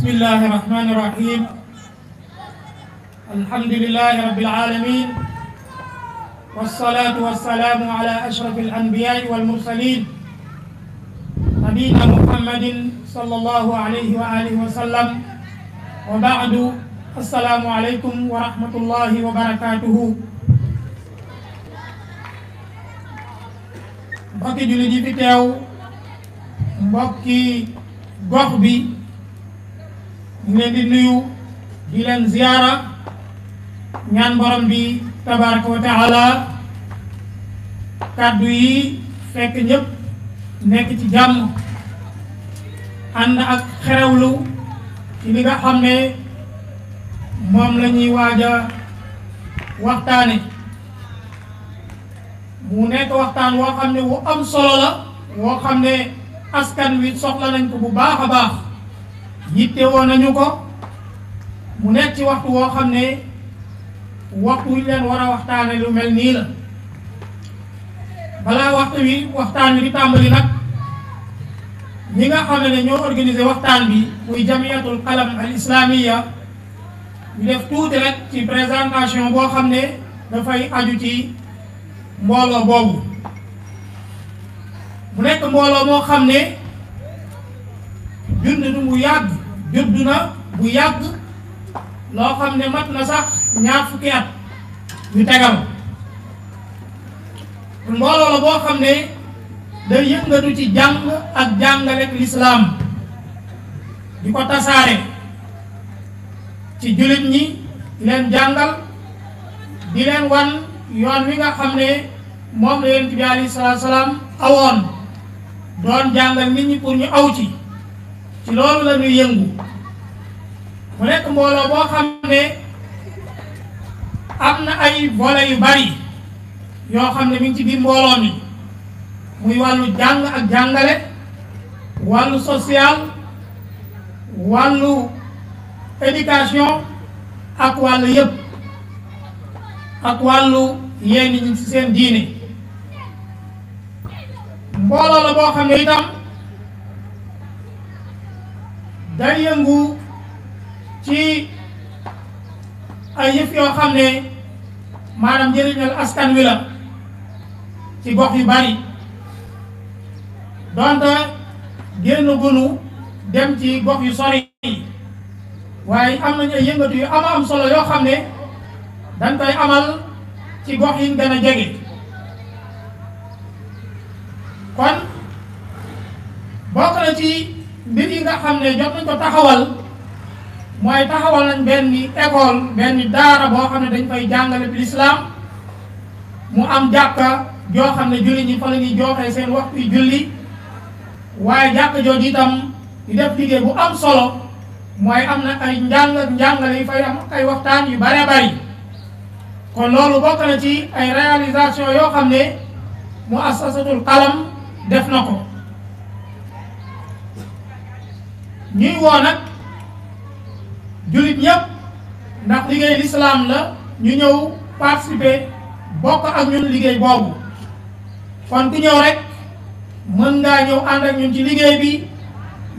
بسم الله الرحمن الرحيم الحمد لله رب العالمين والصلاة والسلام على أشرف الأنبياء والمرسلين نبينا محمد صلى الله عليه وآله وسلم وبعد السلام عليكم ورحمة الله وبركاته بقي جلدي في تاو بقي mbokki ñu leen di nuyu di leen ziyaara ñaan borom bi tabaraka wa taala kàddu yi fekk ñëpp nekk ci jàmm ànd ak xerewlu ci li nga xam ne moom la ñuy waaj a waxtaane mu nekk waxtaan woo xam ne wu am solo la woo xam ne askan wi soxla nañ ko bu baax a baax yitte woon nañu ko mu nekk ci waxtu woo xam ne waxtu wi leen war a waxtaan lu mel nii la balaa waxtu wi waxtaan wi di tàmbali nag ñi nga xam ne ñoo organiser waxtaan bi muy jamiyatul qalam al islamiya ñu def tuuti rek ci présentation boo xam ne dafay aju ci mbooloo boobu mu nekk mbooloo moo xam ne jund du yàgg juddu bu yag lo xamne mat na sax ñaar fukki at yu tegal mbooloo la boo xam day yëngatu ci jang ak jangale di Kota Sare. ci julit ñi len jangal di len wan yoon wi nga xamne mom la yonent bi alayhi salaatu salaam awoon doon jangal nit ñi pour ñu aw ci ci loolu la yëngu mu nekk mbooloo boo xam ne am na ay boole yu bari yoo xam ne mi ngi ci biir mbooloo mi muy wàllu jàng ak jàngale wàllu social wàllu éducation ak wàllu yëpp ak wàllu yéen ñi ci seen diine mbooloo la boo xam ne itam. day yëngu ci ay yëf yoo xam ne maanaam njëriñal askan wi la ci gox yu bari donte génn gunu dem ci gox yu sori waaye am nañu ay yëngatu yu ama am solo yoo xam ne dañ koy amal ci gox yi gën a jege kon bokk na ci mbir yi nga xam ne jot nañ ko taxawal mooy taxawal nañ ni benn école ni daara boo xam ne dañ fay jàngale bi lislaam mu am jàkka joo xam ne julli ñi fa la ñuy jooxee seen waxtu yi julli waaye jàkka jooju itam di def liggéey bu am solo mooy am na ay njàng ak njàngale yu fay am ay waxtaan yu bare bari kon loolu bokk na ci ay réalisation yoo xam ne mu assasatul qalam def na ko ñuy woo nag jullit ñëpp ndax liggéey lislaam la ñu ñëw participer bokk ak ñun liggéey boobu kon ku ñëw rek mën ngaa ñëw ànd ak ñun ci liggéey bi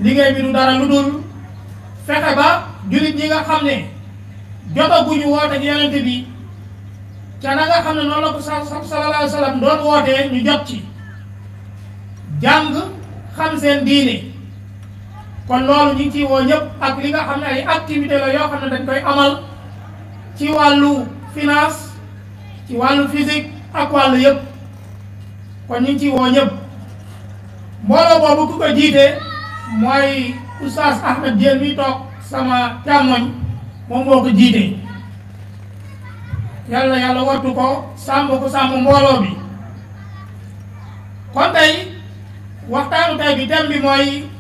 liggéey bi du dara lu dul fexe ba jullit ñi nga xam ne jotaguñu woote ci yonente bi ca na nga xam ne noonu la ko sa alayhi wa sallam doon wootee ñu jot ci jàng xam seen diine kon loolu ñu ngi ciy woo ñëpp ak li nga xam ne ay activité la yoo xam ne dañ koy amal ci wàllu finance ci wàllu physique ak wàllu yëpp kon ñu ngi ciy woo ñëpp mbooloo boobu ku jiite mooy oustaz Ahmed Diène mi toog sama càmmoñ moom moo ko jiite yàlla yàlla wattu ko sàmm ko sàmm mbooloo bi kon tey waxtaanu tey bi thème bi mooy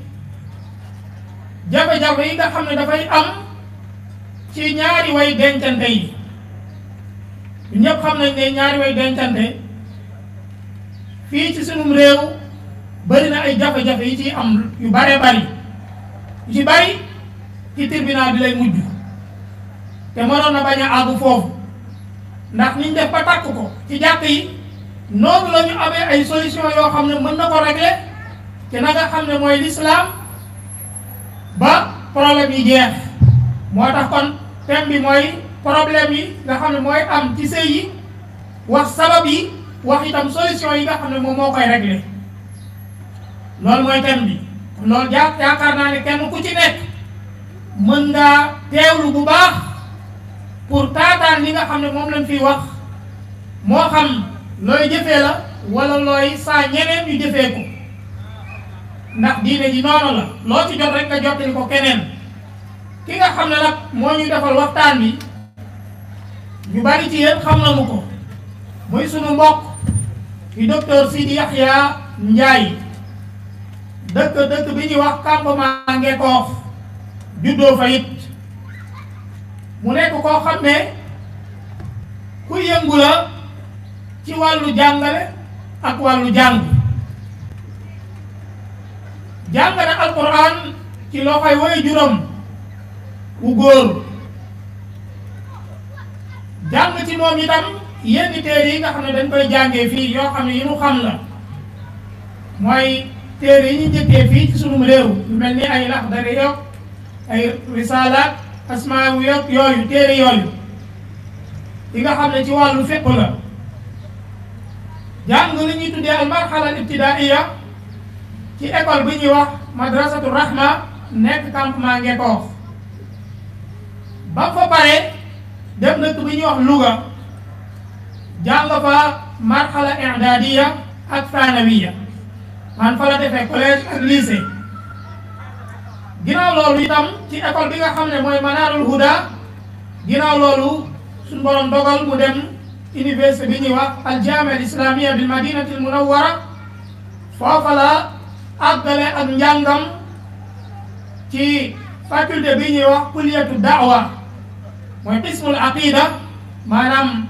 jafe-jafe yi nga xam ne dafay am ci ñaari way dencante yi ñëpp xam nañ ne ñaari way dencante fii ci sunum réew bari na ay jafe-jafe yi ciy am yu bare bari yu ci bari ci tribunal bi lay mujj te mënoon na bañ a àggu foofu ndax niñ def ba tàkk ko ci jàkk yi noonu la ñu amee ay solution yoo xam ne mën na ko régler te na xam ne mooy l'islam ba problème yi jeex moo tax kon thème bi mooy problème yi nga xam ne mooy am ci sëy yi wax sabab yi wax itam solution yi nga xam ne moom moo koy réglé loolu mooy thème bi loolu ja yaakaar naa ne kenn ku ci nekk mën ngaa teewlu bu baax pour taataan yi nga xam ne moom lañ fiy wax moo xam looy jëfee la wala looy saa ñeneen yu jëfee ko ndax diine ji noonu la loo ci jot rek nga jottali ko keneen ki nga xam ne nag moo ñu defal waxtaan bi ñu bari ci yéen xam nañu ko muy sunu mbokk di docteur Sidi Yahya Ndiaye dëkk dëkk bi ñuy wax campement Ngekoof juddoo fa it mu nekk koo xam ne ku yëngu ci wàllu jàngale ak wàllu jàng jangan al alquran ci loxoy way juram jangan góor jang ci moom itam yenn téere yi nga xam kami dañ koy mai fi yo xam yi nu xam la moy téere yi ñu njëkkee fii ci sunum réew yu melni ay lakh dara yo ay risalaat yu yo yi nga ci walu fepp la jang lu ñi tuddé al marhala ci école bi ñuy wax madrasatu rahma nekk campement Ngekoof ba fa pare dem tu bi ñuy wax Louga jang fa marhala i'dadiyya ak thanawiyya man fa la defee collège ak lycée ginaaw lolu itam ci école bi nga xamné ne Manarul Huda ginaaw lolu suñu borom dogal mu dem université bi ñuy wax al jamia al islamiyya bil madinati al munawwara fa la àggale ak njangam ci faculté bi ñuy wax kulliyatu da'wa moy qismul aqida manam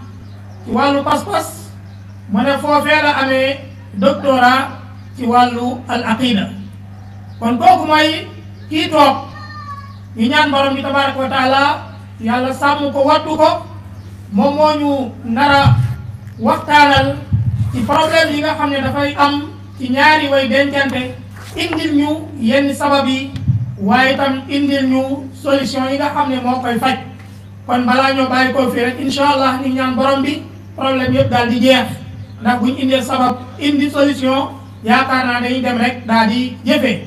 ci walu pas-pas mané fofé la amé doctorat ci walu al aqida kon koku moy ki tok ñu ñaan borom bi tabaraka wa taala yalla sam ko waddu ko mom moñu nara ci problème yi nga xamné da fay am ci ñaari way dencante indil ñu yenn sabab yi waaye tam indil ñu solution yi nga xam ne moo koy faj kon balaa ñoo bàyyi koo fii rek incha allah ñu ñaan borom bi problème yëpp daal di jeex ndax buñ indil sabab indi solution yaakaar naa dañuy dem rek daal di jëfee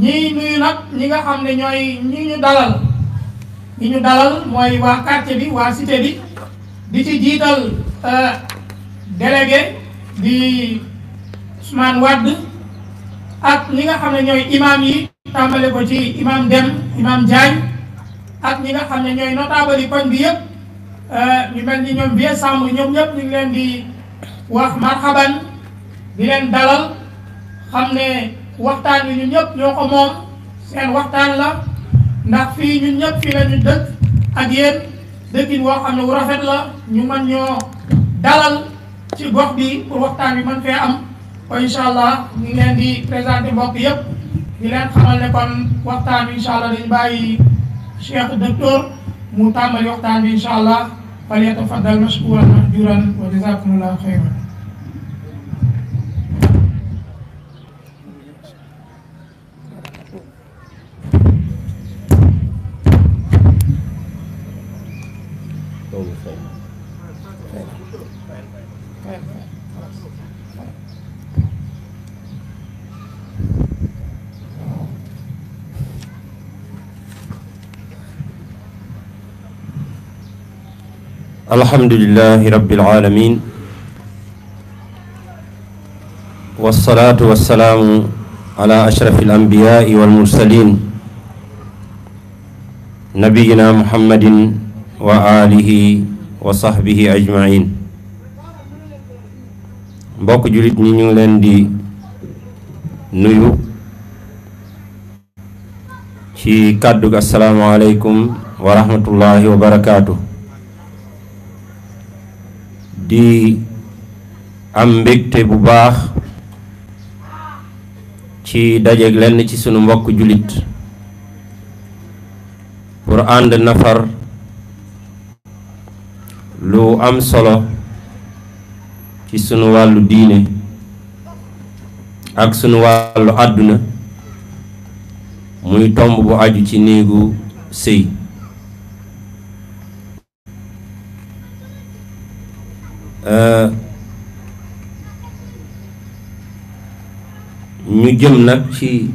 ñii nuyu nag ñi nga xam ne ñooy ñi ñu dalal ñi ñu dalal mooy waa quartier bi waa cité bi di ci jiital euh, délégué di Ousmane Wade ak ñi nga xam ne ñooy imam yi tàmbale ko ci imam Dem imam Diagne ak ñi nga xam ne ñooy notable yi koñ bi yëpp euh, ñu mel ni ñoom bien sàmm ñoom ñëpp ñu ngi leen wi ñun ñëpp ñoo ko moom seen waxtaan la ndax fii ñun ñëpp fii la dëkk ak yéen dëkkin woo xam ne wu rafet la ñu mën ñoo dalal ci gox bi pour waxtaan wi mën fee am kon incha allah ñu leen di présenté mbokk yëpp di leen xamal ne kon waxtaan bi incha allah dañu bàyyi cheikh docteur mu tàmbali waxtaan bi incha allah fal yatafaddal mashkuran mahjuran wa jazakumullahu الحمد لله رب العالمين والصلاة والسلام على أشرف الأنبياء والمرسلين نبينا محمد وآله وصحبه أجمعين بوك جوليت نيو لندي نيو شي كادوك السلام عليكم ورحمة الله وبركاته di am mbégte bu baax ci dajeeg lenn ci sunu mbokk jullit pour ànd nafar lu am solo ci sunu wàllu diine ak sunu wàllu àdduna muy tomb bu aju ci néegu sëy Euh, ñu jëm nag ci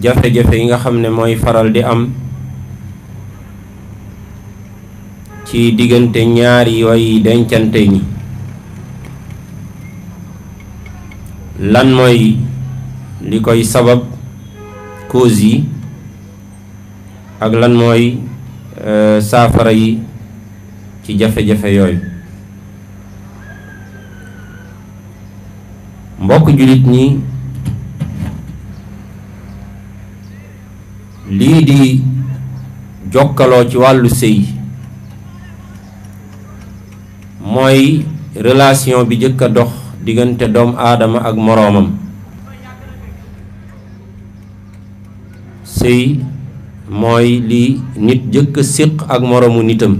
jafe-jafe yi nga xam ne mooy faral di am ci diggante ñaari way dencante ñi lan mooy li koy sabab cause yi ak lan mooy euh, saafara yi ci jafe-jafe yooyu mbokk jullit ñi lii di jokkaloo ci wàllu sëy mooy relation bi jëkk a dox diggante doom aadama ak moroomam sëy mooy li nit jëkk a séq ak moroomu nitam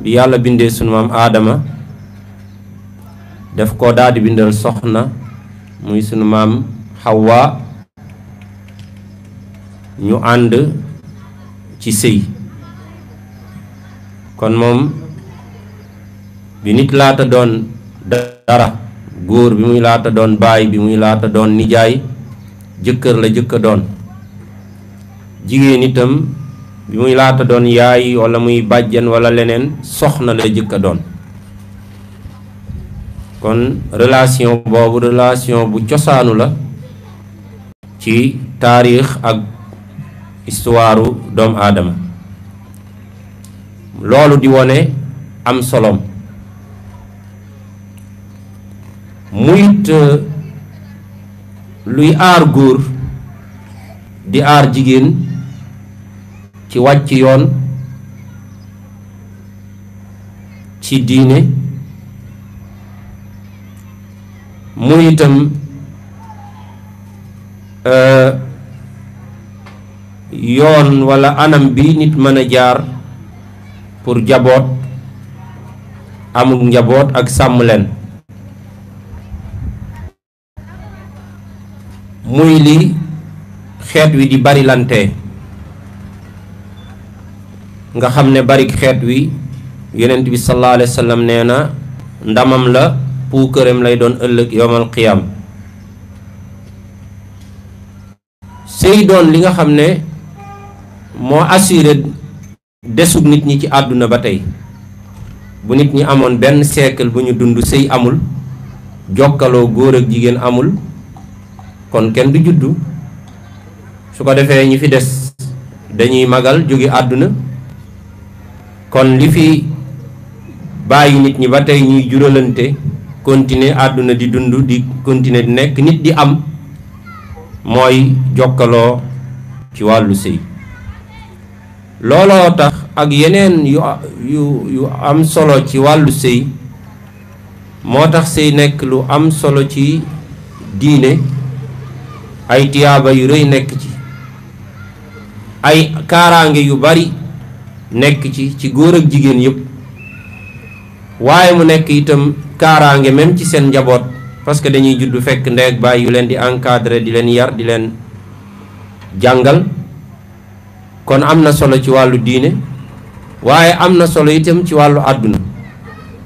bi yàlla bindee sunu maam aadama def ko daldi di bindal soxna muy sunu maam xawwa ñu ànd ci sëy kon moom bi nit laata doon dara góor bi muy laata doon baay bi muy laata doon nijaay jëkkër la jëkka doon jigéen itam bi muy laata doon yaay wala muy bàjjen wala leneen soxna la jëkk a doon kon relation boobu relation bu cosaanu la ci taarix ak histoire doomu aadama loolu di wone am solom muyit euh, luy aar góor di aar jigéen ci wàcc yoon ci diine mu itam euh, yoon walla anam bi nit mën a jaar pour njaboot amul njaboot ak sàmm leen muy li xeet wi di bari nga xamne barik xeet wi yenenbi bi sallallahu alaihi wasallam sallam ndamam la kerem lay don euleuk yowmal qiyam sey don li nga xamne ne assuré desug nit ñi ci aduna batay. bu nit ñi amone ben siècle bu ñu dund sey amul jokkaloo goor ak jigen amul kon kenn du juddu su ko defé ñi fi des dañuy magal jogi aduna kon li fi bàyyi nit ñi ba tey ñuy juralante continuer àdduna di dund di continuer di nekk nit di am mooy jokkaloo ci wàllu sëy looloo tax ak yeneen yu am solo ci wàllu sëy moo tax sëy nekk lu am solo ci diine ay tiyaaba yu rëy nekk ci ay kaaraange yu bari Nek ci ci goor ak jigen yépp waye mu nek itam karange même ci sen njabot parce que dañuy judd fekk ndeeg bay yu len di encadrer di len yar di len jangal kon amna solo ci walu diine waye amna solo itam ci walu aduna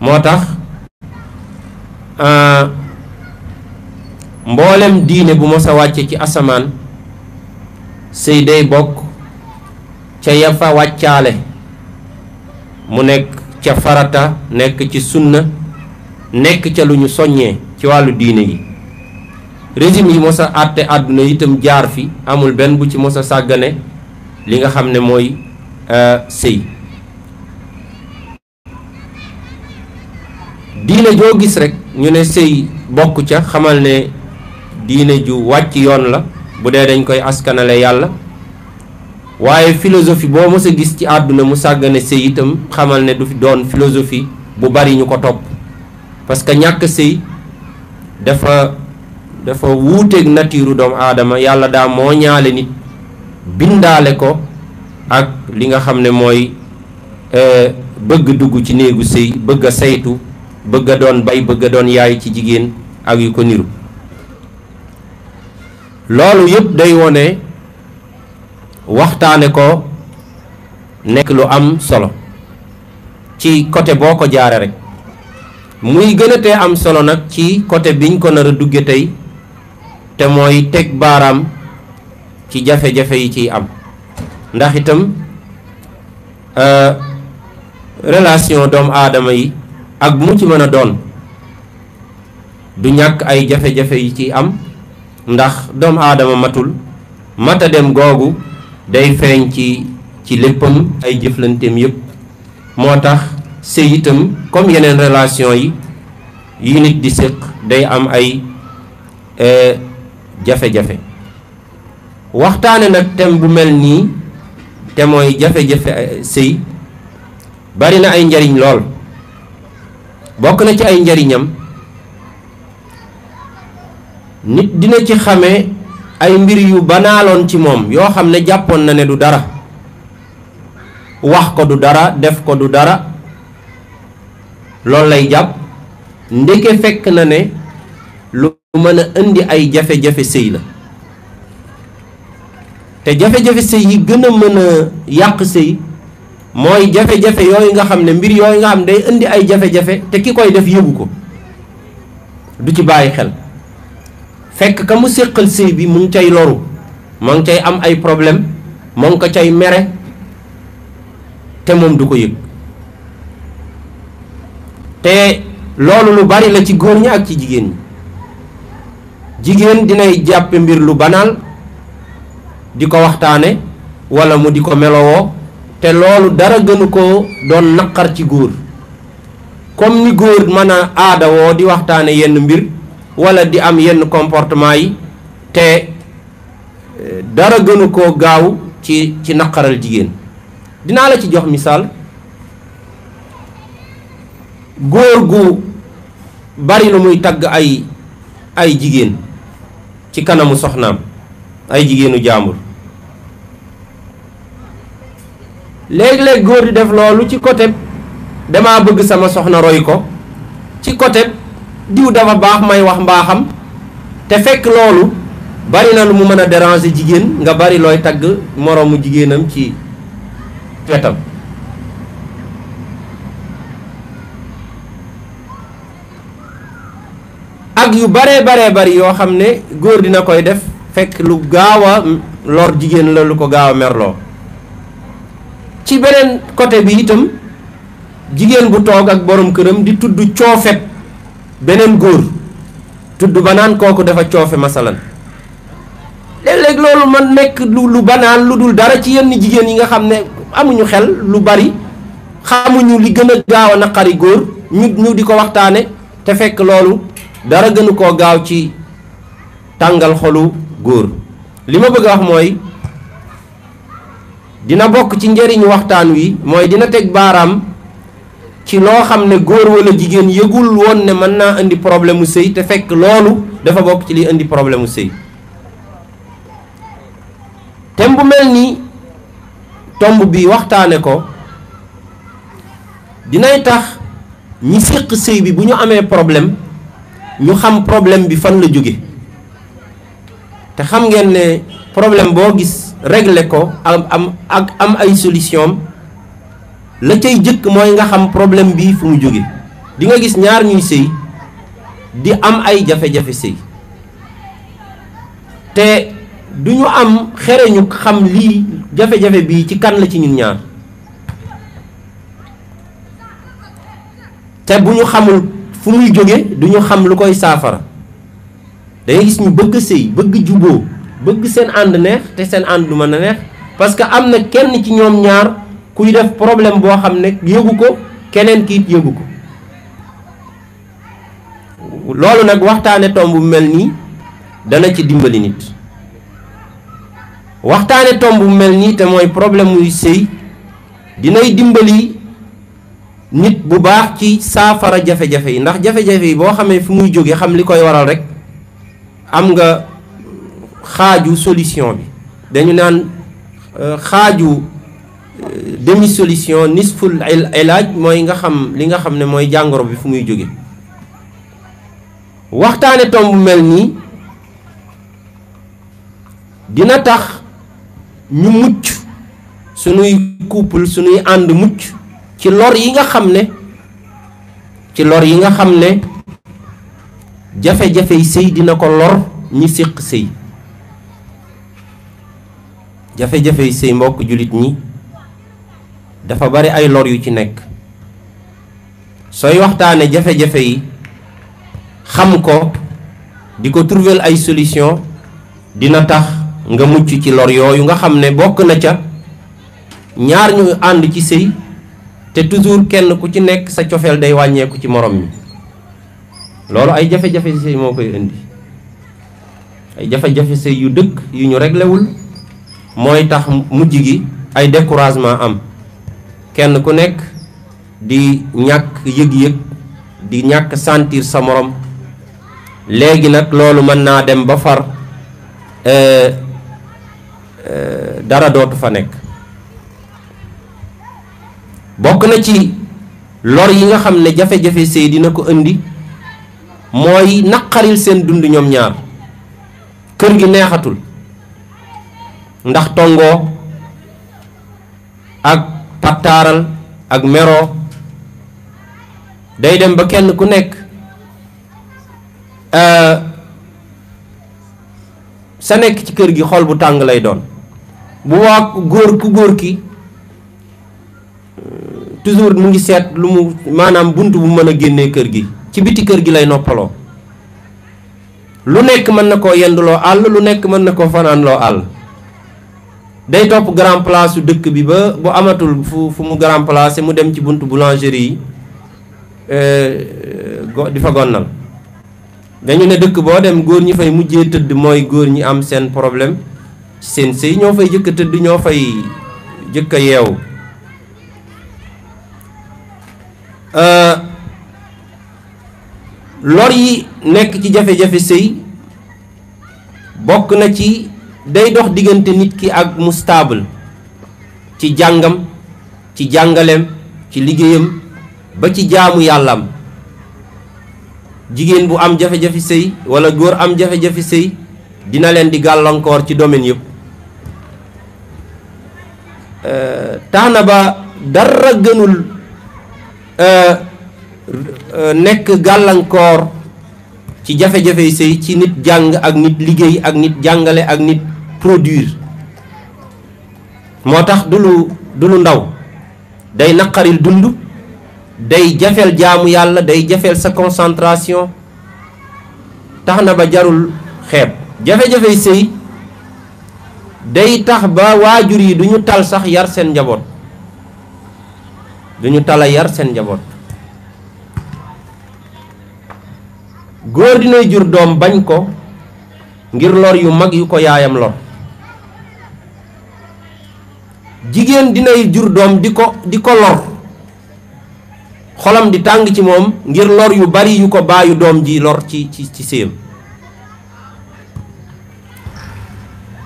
motax tax euh, mbollem diine bu mos wacce ci asaman sey day bok ca yafa waccale mu nekk ca farata nekk ci sunna nekk ca lu ñu soññee ci wàllu diine yi régime yi mos a àdduna itam jaar fi amul benn bu ci mos a sàggane li nga xam ne mooy euh, sëy diine joo gis rek ñu ne sëy bokk ca xamal ne diine ju wàcc yoon la bu dee dañ koy askanale yàlla waaye philosophie boo mës gis ci àdduna mu sàggane sëy itam xamal ne du doon philosophie bu bari ñu ko topp parce que ñàkk sëy dafa dafa wuuteeg natiiru doomu aadama yàlla daa moo ñaale nit bindaale ko ak li nga xam ne mooy euh, bëgg dugg ci néegu sëy bëgg a saytu bëgg doon bay bëgg doon yaay ci jigéen ak yu ko niru loolu yëpp day wone waxtaane ko nekk lu am solo ci côté boo ko jaaree rek muy gën a tee am solo nag ci côté biñ ko nar a dugge tey te mooy teg baaraam ci jafe-jafe yi ciy am ndax itam euh, relation doomu aadama yi ak mu ci mën a doon du ñàkk ay jafe-jafe yi ciy am ndax doomu aadama matul mata dem googu day feeñ ci ci léppam ay jëflanteem yépp moo tax sëy itam comme yeneen relation yi yu nit di séq day am ay e, jafe-jafe waxtaane nag tem bu mel nii te mooy jafe-jafe e, sëy bari na ay njariñ lool bokk na ci ay njariñam nit dina ci xame ay mbir yu banaaloon ci moom yoo xam ne jàppoon na ne du dara wax ko du dara def ko du dara loolu lay jàpp ndeke fekk na ne lu mën a indi ay jafe-jafe sëy la te jafe-jafe sëy yi gën a mën a yàq sëy mooy jafe-jafe yooyu nga xam ne mbir yooyu nga xam day indi ay jafe-jafe te ki koy def yëgu ko du ci bàyyi xel fekk ka mu sekkal sey bi mu ngi cay loru mo ngi cay am ay problème mo ngi ko cay mere te du ko yegg te loolu lu bari la ci goor ñi ak ci jigéen ñi jigéen dinay mbir lu banal di ko waxtaane wala mu di ko melowoo te loolu dara gënu ko doon naqar ci góor comme ni góor mën a aadawoo di waxtaane yenn mbir wala di am yenn comportement yi te eh, dara gënu koo gaaw ci ci naqaral jigéen dinaa la ci jox misaal góor gu bari lu muy tagg ay ay jigéen ci kanamu soxnaam ay jigéenu jàmbur léeg-léeg góor di def loolu ci côté dama bëgg sama soxna roy ko ci côté diw dafa baax may wax mbaaxam te fekk loolu bari na lu mu mën a déranger jigéen nga bari looy tagg moroomu jigéenam ci wetam ak yu baree bare bari yoo xam ne góor dina koy def fekk lu gaaw a lor jigéen la lu ko gaaw a merloo ci beneen côté bi itam jigéen bu toog ak boroom këram di tudd coofet beneen góor tudd banaan kooku dafa coofe masalan léeg-léeg loolu man nekk lu lu banaan lu dul dara ci yenn jigéen yi nga xam ne amuñu xel lu bari xamuñu li gën a gaaw naqari góor ñu ñu di ko waxtaane te fekk loolu dara gënu koo gaaw ci tàngal xolu góor li ma bëgg a wax mooy dina bokk ci njëriñu waxtaan wi mooy dina teg baaraam ci loo xam ne góor wala jigéen yëgul woon ne mën naa indi problème mu sëy te fekk loolu dafa bokk ci liy indi problème mu sëy thème bu mel ni tomb bi waxtaane ko dinay tax ñi séq sëy bi bu ñu amee problème ñu xam problème bi fan la jóge te xam ngeen ne problème boo gis régler ko am am ak am ay solution la cey jëkk moy nga xam problème bi fu mu joggé di nga gis ñaar ñuy sey di am ay jafe-jafe sey te duñu am ñu xam li jafe-jafe bi ci kan la ci ñun ñaar te buñu xamul fu muy joggé duñu xam lu koy safara da ngay gis ñu bëgg sey bëgg juboo bëgg seen and neex te seen and du mëna neex parce que am na kenn ci ñom ñaar kuy def problème boo xam ne yëgu ko keneen kiit yëgu ko loolu nag waxtaane tomb mel dana ci dimbali nit waxtaane tomb melni nii te mooy problème muy dimbeli dinay dimbali nit bu baax ci saafara jafe-jafe yi ndax jafe-jafe yi boo xamee fi muy jóge xam li koy waral rek am nga solution bi dañu naan euh, demi solution nisful ilaaj moy nga xam li nga xam ne moy jangoro bi fu muy joge waxtane tomb melni dina tax ñu mucc sunuy couple sunuy and mucc ci lor yi nga xam ne ci lor yi nga xam ne jafe-jafey dina ko lor ñi sey jafe jafé sey mbokk julit ñi dafa bari ay lor yu ci nekk sooy waxtaanee jafe-jafe yi xam ko di ko trouver ay solution dina tax nga mucc ci lor yooyu nga xam ne bokk na ca ñaar ñu ànd ci sëy te toujours kenn ku ci nekk sa cofeel day wàññeeku ci morom mi loolu ay jafe-jafe sëy moo koy indi ay jafe-jafe sëy yu dëkk yu ñu réglewul mooy tax mujj gi ay découragement am kenn ku nek di ñak yeg yeg di ñak sentir sa morom legi nak lolu man na dem ba far euh, euh, dara dootu fa nek bok na ci lor yi nga xamne jafé jafé sey dina ko indi moy nakaril sen dund ñom ñaar kër gi neexatul ndax tongo ak pattaaral ak meroo day dem ba kenn ku nekk euh, sa nekk ci kër gi xol bu tàng lay doon bu waa góor ku góor ki euh, toujours mu ngi seet lu mu maanaam bunt bu mën a génnee kër gi ci biti kër gi lay noppaloo lu nekk mën na koo yenduloo àll lu nekk mën na koo fanaanloo àll day topp grand place su dëkk bi ba bu amatul fu fu mu grand place mu dem ci buntu boulangerie yi euh, di fa gonnal dañu ne dëkk boo dem góor ñi fay mujjee tëdd mooy góor ñi am seen problème seen sëy ñoo fay jëkk a tëdd ñoo fay jëkk a yeewu euh, lor yi nekk ci jafe-jafe sëy bokk na ci day dox diggante nit ki ak mu ci jàngam ci jàngaleem ci liggéeyam ba ci jaamu yàllaam jigéen bu am jafe-jafe sëy wala góor am jafe-jafe sëy dina leen di gàllankoor ci domaine yëpp euh, tax na ba dara gënul euh, euh, nekk gàllankoor ci jafe-jafe sëy ci nit jàng ak nit liggéey ak nit jàngale ak nit produire moo tax du lu du lu ndaw day naqaril dund day jafeel jaamu yàlla day jafeel sa concentration tax na ba jarul xeeb jafe-jafey sëy day tax ba waajur yi duñu tal sax yar seen njaboot duñu tala yar seen njaboot góor dinay jur doom bañ ko ngir lor yu mag yu ko yaayam lor Jigen dinay jur dom di ko di lor xolam di tang ci mom ngir lor yu bari yu ko bayu dom ji lor ci ci ci séem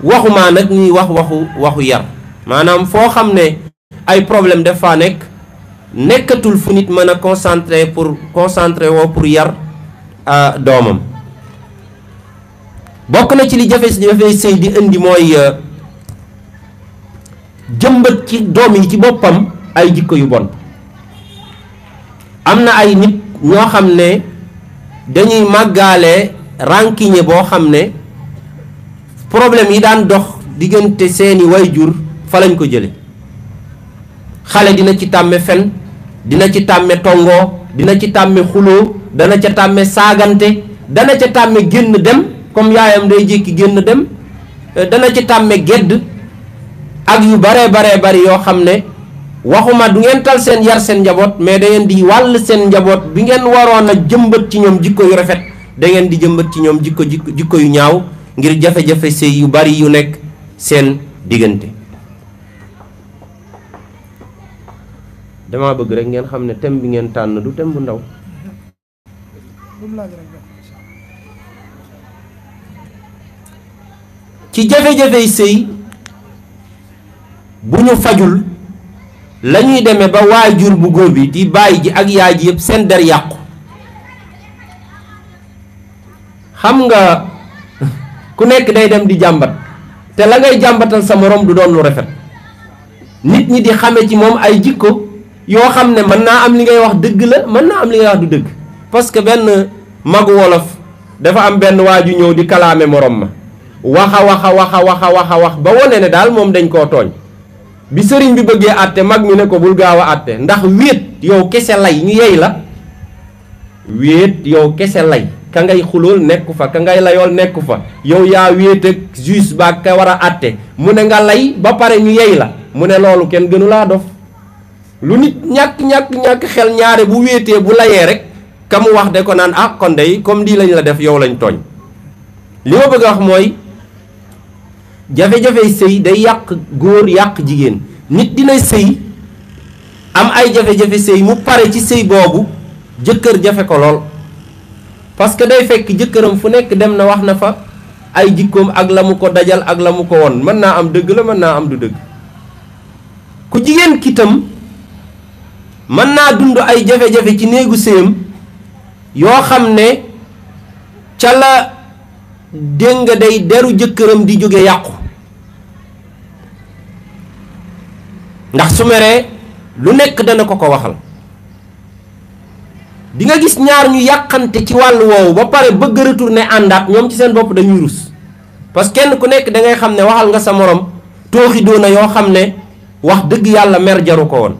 waxuma nak ni wax waxu waxu yar manam fo xamne ne ay problème fa nek nekatul fu nit meuna concentrer pour concentrer wo pour yar domam bok na ci li jafe jafé sey di indi euh, jëmbat ci doom yi ci boppam ay jikko yu bon am na ay nit ñoo xam ne dañuy màggaale rànkiñe boo xam ne problème yi daan dox diggante seeni way jur fa lañ ko jële xale dina ci tàmme fen dina ci tàmme tongoo dina ci tàmme xuloo dana ca tàmme saagante dana ca tàmme génn dem comme yaayam day jékki génn dem dana ci tàmme gedd ak yu baree baree bari yoo xam ne waxuma du ngeen tal seen yar seen njaboot mais da ngeen di wàll seen njaboot bi ngeen waroon a jëmbat ci ñoom jikko yu rafet dangeen di jëmbat ci ñoom jikko jikko yu ñaaw ngir jafe-jafe sëy yu bari yu nekk seen diggante dama bëgg rek ngeen xam ne thème bi ngeen tànn du tem bu ndaw ci jafe-jafe sëy buñu fajul lañuy démé ba wajur bu goor bi di bàyyi ji ak yaaji yeb sen der yàqu xam nga ku nekk day dem di jambat té la ngay jambatal sa morom du doon lu rafet nit ñi di xamé ci mom ay jikko yo xamné man na am li ngay wax deug la man na am li ngay wax du deug parce que ben magu wolof dafa am ben waju ñew di kalamé morom ma waxa waxa waxa waxa waxa wax ba wone ne mom mom dañ ko togn bi sëriñ bi bëggee àtte mag mi ne ko bul gaaw a àtte ndax wéet yow kese lay ñu yey la wéet yow kese lay ka ngay xulool nekku fa ka ngay layool nekku fa yow yaa wéet ak juge ba ka war a àtte mu ne nga lay ba pare ñu yey la mu ne loolu kenn gënu laa dof lu nit ñàkk ñàkk ñàkk xel ñaare bu wéetee bu layee rek ka mu wax de ko naan ah kon dey comme lii lañ la def yow lañ tooñ li ma bëgg a wax mooy jafe-jafey sëy day yàq góor yàq jigéen nit dina sëy am ay jafe-jafe sëy mu pare ci sëy boobu jëkkër jafe ko lool parce que day fekk jëkkëram fu nekk dem na wax na fa ay jikkoom ak la mu ko dajal ak la mu ko won mën naa am dëgg la mën naa am du dëgg ku jigéen kitam mën naa dund ay jafe-jafe ci néegu sëyam yoo xam ne ca la dégg nga day deru jëkkëram di jóge yàqu ndax su meree lu nekk dana ko ko waxal di nga gis ñaar ñu yàqante ci wàll woowu ba pare bëgg ne àndaat ñoom ci seen bopp dañuy rus parce que kenn ku nekk da ngay xam ne waxal nga sa morom tooxi doona yoo xam ne wax dëgg yàlla mer jaru ko woon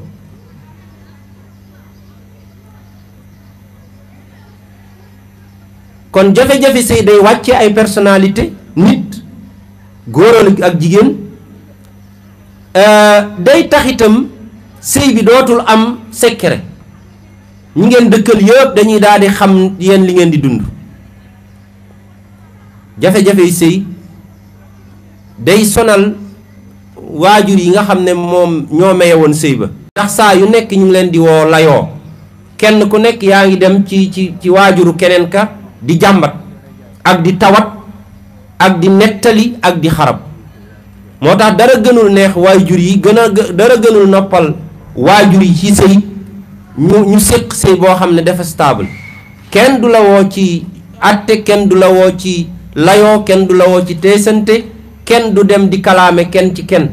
kon jafe-jafe sëy day wàcce ay personnalité nit góor ak jigéen euh, day taxitam itam sëy bi dootul am secret ñu ngeen dëkkal yëpp dañuy daal di xam yéen li ngeen di dund jafe-jafe yi sëy day sonal waajur yi nga xam ne moom ñoo meye woon sëy ba ndax saa yu nekk ñu leen di woo layoo kenn ku nekk yaa ngi dem ci ci ci waajuru keneen ka di jàmbat ak di tawat ak di nettali ak di xarab moo tax dara gënul neex waajur yi gën dara gënul noppal waajur yi ci sëy ñu ñu séq sëy boo xam ne dafa stable kenn du la woo ci atte kenn du la woo ci layoo kenn du la woo ci teesante kenn du dem di kalaame kenn ci kenn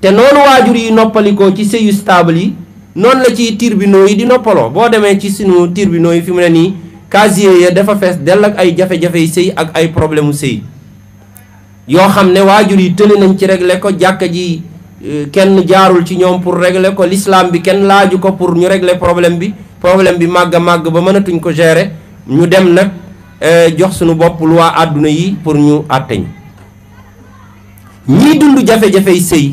te noonu waajur yi noppalikoo ci sëyu stable yi noonu la ci tribunaux yi di noppaloo boo demee ci sunu tribunaux yi fi mu ne nii casier ya dafa fees dell ak ay jafe-jafe yi sëy ak ay problème mu sëy yoo xam ne waajur yi tëli nañ ci régler ko jàkka ji euh, kenn jaarul ci ñoom pour régler ko lislaam bi kenn laaju ko pour ñu régler problème bi problème bi màgg a màgg ba mënatuñ ko gérer ñu dem nag euh, jox sunu bopp lu waa àdduna yi pour ñu àtteñ ñiy dund jafe-jafey sëy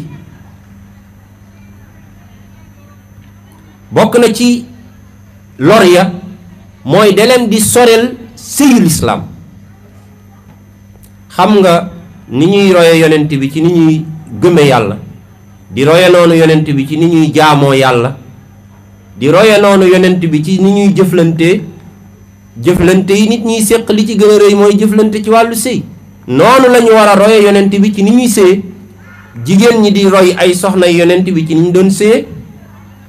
bokk na ci loria mooy da leen di soreel sëyu lislaam xam nga ni ñuy roye yonent bi ci ni ñuy gëme yàlla di roye noonu yonent bi ci ni ñuy jaamoo yàlla di roye noonu yonent bi ci ni ñuy jëflante jëflante yi nit ñiy séq li ci gën a rëy mooy jëflante ci wàllu sëy noonu lañu ñu war a roye yonent bi ci ni ñuy sëye jigéen ñi di roy ay soxna yonent bi ci ni ñu doon sëye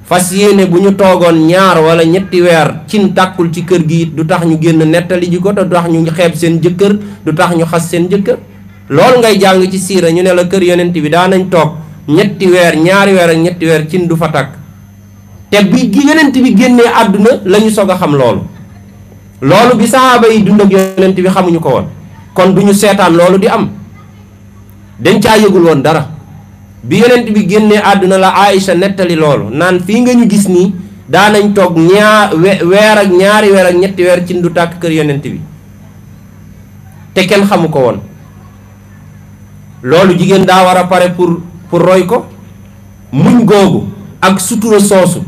fas yéene bu ñu toogoon ñaar wala ñetti weer cin takul ci kër gi du tax ñu génn nettali ji ko du tax ñu xeeb seen jëkkër du tax ñu xas seen jëkkër lool ngay jàng ci siira ñu ne la kër yonent bi nañ toog ñetti weer ñaari weer ak ñetti weer cin du fa takk te bi gi yonent bi génnee àdduna la ñu soog a xam loolu loolu bi sahaaba yi dund ak yonent bi xamuñu ko woon kon duñu seetaan loolu di am dañ caa yëgul woon dara bi yonent bi génnee àdduna la Aïcha nettali loolu naan fii nga ñu gis nii daanañ toog ñaar weer ak ñaari weer ak ñetti weer cin ndu tàkk kër yonent bi te kenn xamu ko woon loolu jigéen daa war a pare pour pour roy ko muñ googu ak sutura soosu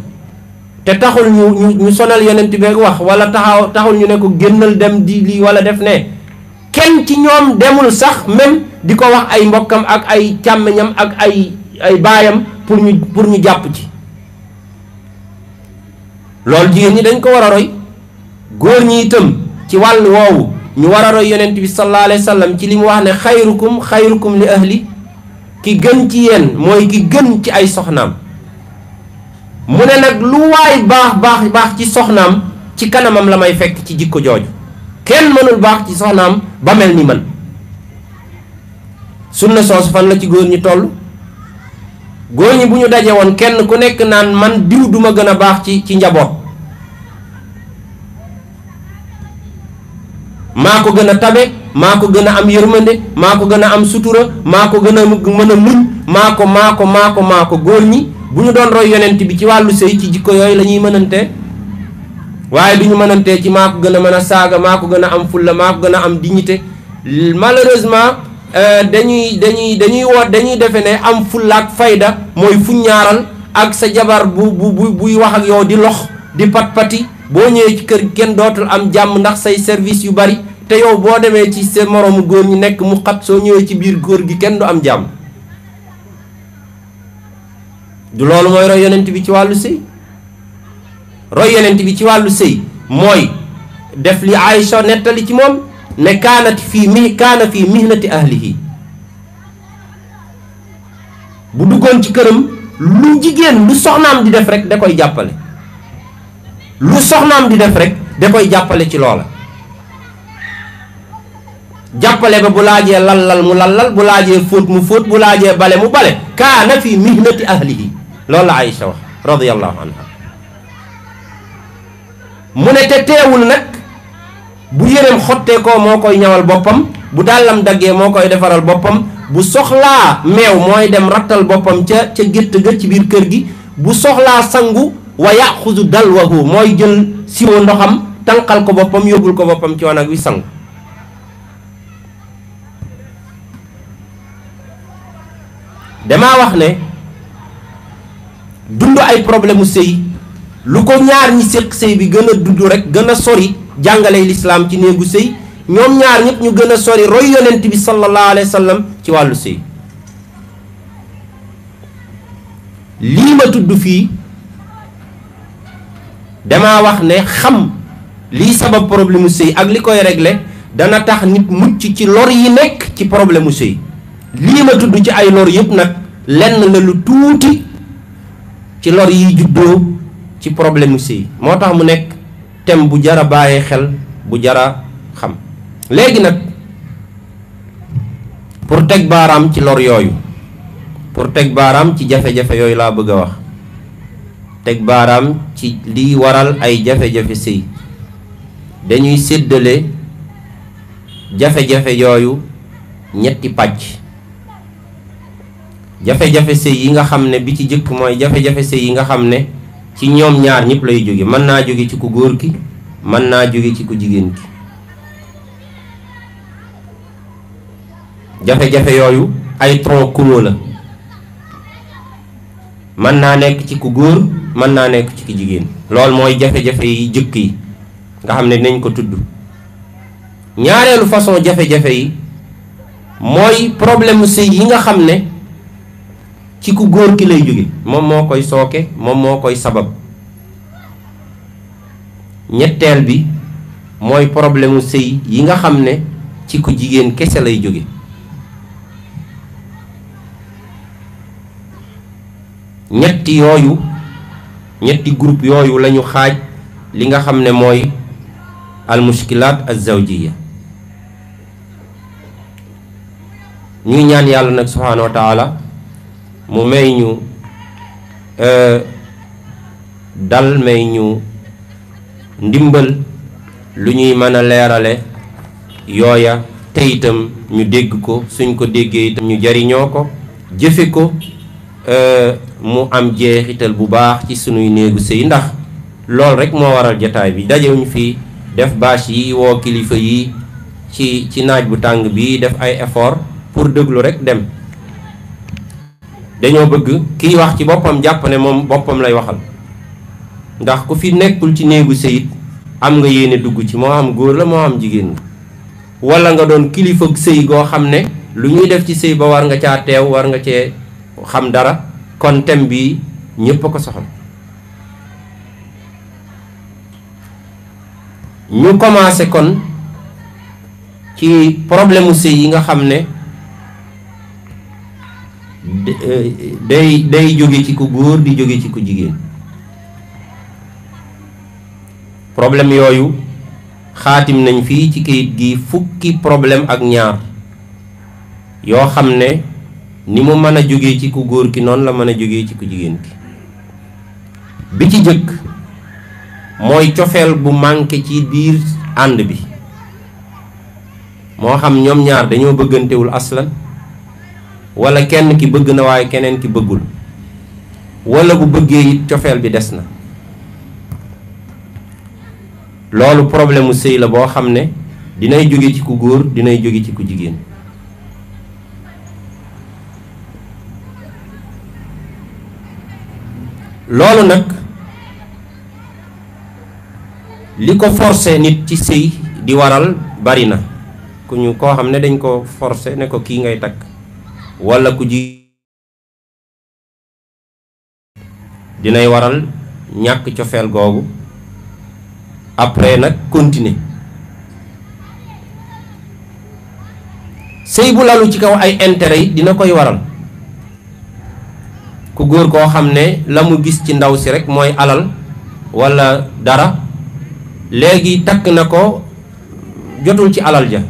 te taxul ñu ñu sonal yonent bi ak wax wala taxaw taxul ñu ne ko génnal dem di lii wala def ne kenn ci ñoom demul sax même di ko wax ay mbokkam ak ay càmmiñam ak ay ay baayam pour ñu jàpp ji loolu jigéen ñi dañ ko war a roy góor ñi itam ci wàll woowu ñu war a roy yonent bi sallallahu alayhi wa sallam ci li mu wax ne xayrukum xayrukum li ahli ki gën ci yéen mooy ki gën ci ay soxnaam mu ne nag lu waay baax baax baax ci soxnaam ci kanamam la may fekk ci jikko jooju Ken mënul baax ci soxnaam ba mel ni man sunna soosu fan la ci góor ñi toll góor ñi bu ñu daje woon kenn ku nekk naan man diw duma gën a baax ci ci njaboot maa ko gën a tabe maa ko gën a am yërmande maa ko gën am sutura maa ko gën a mën a muñ maa ko maa ko maa ko maa ko góor ñi bu ñu doon roy yonent bi ci wàllu sëy ci jikko yooyu la ñuy mënante waaye lu ñu mënantee ci maa ko gën a mën a saaga maa ko gën a am fulla maa ko gën a am dignité malheureusement euh, dañuy dañuy dañuy woot dañuy defe ne am fulla ak fayda mooy fu ñaaral ak sa jabar bu bu buy wax ak yow di lox di pat pati boo ñëwee ci kër gi kenn dootul am jàmm ndax say service yu bari te yow boo demee ci sa moroomu góor ñi nekk mu xat soo ñëwee ci biir góor gi kenn du am jàmm loolu mooy roy yonent bi ci wàllu si roy yonent bi ci wàllu sëy mooy def li Aïcha nettali ci moom ne kaanat fii mi kaana fii mihnati ahlihi bu duggoon ci këram lu jigéen lu soxnaam di def rek da koy jàppale lu soxnaam di def rek da koy jàppale ci loola jàppale ba bu laajee lallal mu lallal bu laajee fóot mu fóot bu laajee bale mu bale kaana fii mihnati ahlihi loolu la Aïcha wax radiyallahu anha mu ne te teewul nag bu yéreem xottee moo koy ñawal boppam bu dàllam daggee moo koy defaral boppam bu soxlaa meew mooy dem rattal boppam ca ca gétt ga ci biir kër gi bu soxlaa sangu wa yaxusu dalwahu mooy jël siwo ndoxam tanqal ko boppam yóbbul ko boppam ci wanag wi sangu damaa wax ne dund ay problème mu sëy lu ko ñaar ñi séq sëy bi gën a dudd rek gën a sori jàngale lislaam ci néegu sëy ñoom ñaar ñëpp ñu gën a sori roy yonent bi sallallahu alayhi wa sallam ci wàllu sëy lii ma tudd fii dama wax ne xam lii sabab problème mu sëy ak li koy régler dana tax nit mucc ci lor yi nekk ci problème mu sëy lii ma tudd ci ay lor yëpp nag lenn la lu tuuti ci lor yi juddoo ci problème si motax mu nek tem bu jara baye xel bu jara xam léegi nak pour tek baram ci lor yoyu pour tek baram ci jafé jafé yoy la bëgg wax tek baram ci li waral ay jafé jafé sëy dañuy séddale jafé jafé yoyu ñetti pàcc jafé jafé sëy yi nga xamné bi ci jëk moy jafé jafé yi nga xamné ci ñoom ñaar ñëpp lay jóge mën naa jóge ci ku góor gi mën naa jóge ci ku jigéen ki jafe-jafe yooyu ay troncs la mën naa nekk ci ku góor mën naa nekk ci ku jigéen loolu mooy jafe-jafe yi jëkk yi nga xam ne nañ ko tudd ñaareelu façon jafe-jafe yi mooy problème mu sëy yi nga xam ne ci ku góor ki lay jóge moom moo koy sooke moom moo koy sabab ñetteel bi mooy problème mu sëy yi nga xam ne ci ku jigéen kese lay jóge ñetti yooyu ñetti groupe yooyu lañu xaaj li nga xam ne mooy al mushkilaat az zawjiya ñuy ñaan yàlla nag subhaanahu wa mu may ñu euh, dal may ñu ndimbal lu ñuy mën a leerale yooya te ñu dégg ko suñ ko déggee itam ñu jariñoo ko jëfe ko euh, mu am jeexital bu baax ci sunuy néegu sëy ndax loolu rek moo waral jataay bi dajewuñ fii def bâche yi woo kilifa yi ci ci naaj bu tàng bi def ay effort pour déglu rek dem dañoo bëgg kiy wax ci boppam jàpp ne moom boppam lay waxal ndax ku fi nekkul ci néegu sëyit am nga yéene dugg ci moo am góor la moo am jigéen walla nga doon kilifa sëy goo xam ne lu ñuy def ci sëy ba war nga caa teew war nga cee xam dara kon thème bi ñépp a ko soxam ñu commencé kon ci problème mu sëy yi nga xam ne Eh, day day jóge ci ku goor di jóge ci ku jigen problème yoyu khatim nañ fi ci kayit gi fukki problème ak ñaar yo ni mu mën a ci ku goor ki non la mën ci ku jigen ki bi ci jëk moy cofeel bu manké ci bir and bi mo xam ñom ñaar dañoo bëggantewul aslan wala kenn ki bëgg na waaye keneen ki bëggul wala bu bëggee it cofeel bi des na loolu problème mu sëy la boo xam ne dinay jóge ci ku góor dinay jóge ci ku jigéen loolu nag li ko forcé nit ci sëy di waral bari na ku ñu koo xam ne dañ ko forcé ne ko kii ngay takk wala ku ji dinay waral ñàkk cofeel googu après nag continuer sëy bu lalu ci kaw ay intérêt yi dina koy waral ku góor koo xam ne la mu gis ci ndaw si rek mooy alal wala dara léegi takk na ko jotul ci alal ja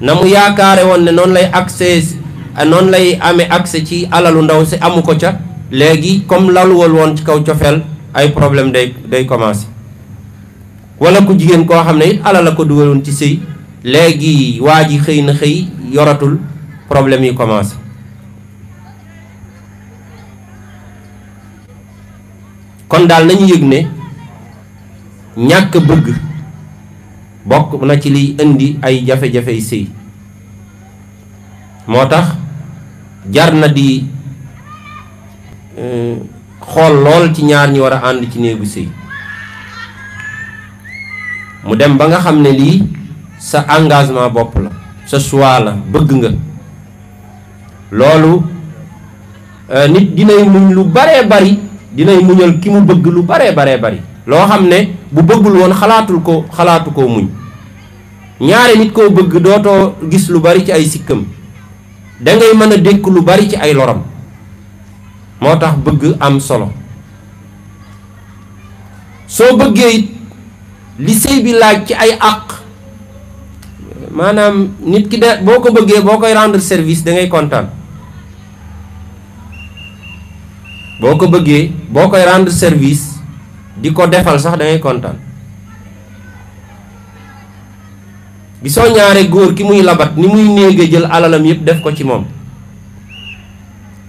na mu yaakaare woon ne noonu lay accès Eh, noonu lay amee accès ci alalu ndaw si amu ko ca léegi comme laluwal woon ci kaw cofeel ay problème day day commencé wala ku jigéen koo xam ne it alal la ko dugaloon ci sëy léegi waa ji xëy na xëy yoratul problème yi commencé kon daal nañu yëg ne ñàkk bëgg bokk na ci liy indi ay jafe-jafey sëy moo tax jar na di eh, xool lool ci ñaar ñi war a ànd ci néegu sëy mu dem ba nga xam ne lii sa engagement bopp la sa choix la bëgg nga loolu eh, nit dinay muñ lu baree bari dinay muñal ki mu bëgg lu baree baree bari loo xam ne bu bëggul woon xalaatul ko xalaatu koo muñ ñaare nit koo bëgg dootoo gis lu bari ci ay sikkam da ngay mëna a dénk lu bari ci ay loram motax bëgg am solo so bëggé li sey bi laaj ci ay ak manam nit ki boko boo ko bëggee rendre service da ngay contane boko bëggé bëggee rendre service diko defal sax da ngay contane bi soo ñaaree góor ki muy labat ni muy néega jël alalam yépp def ko ci moom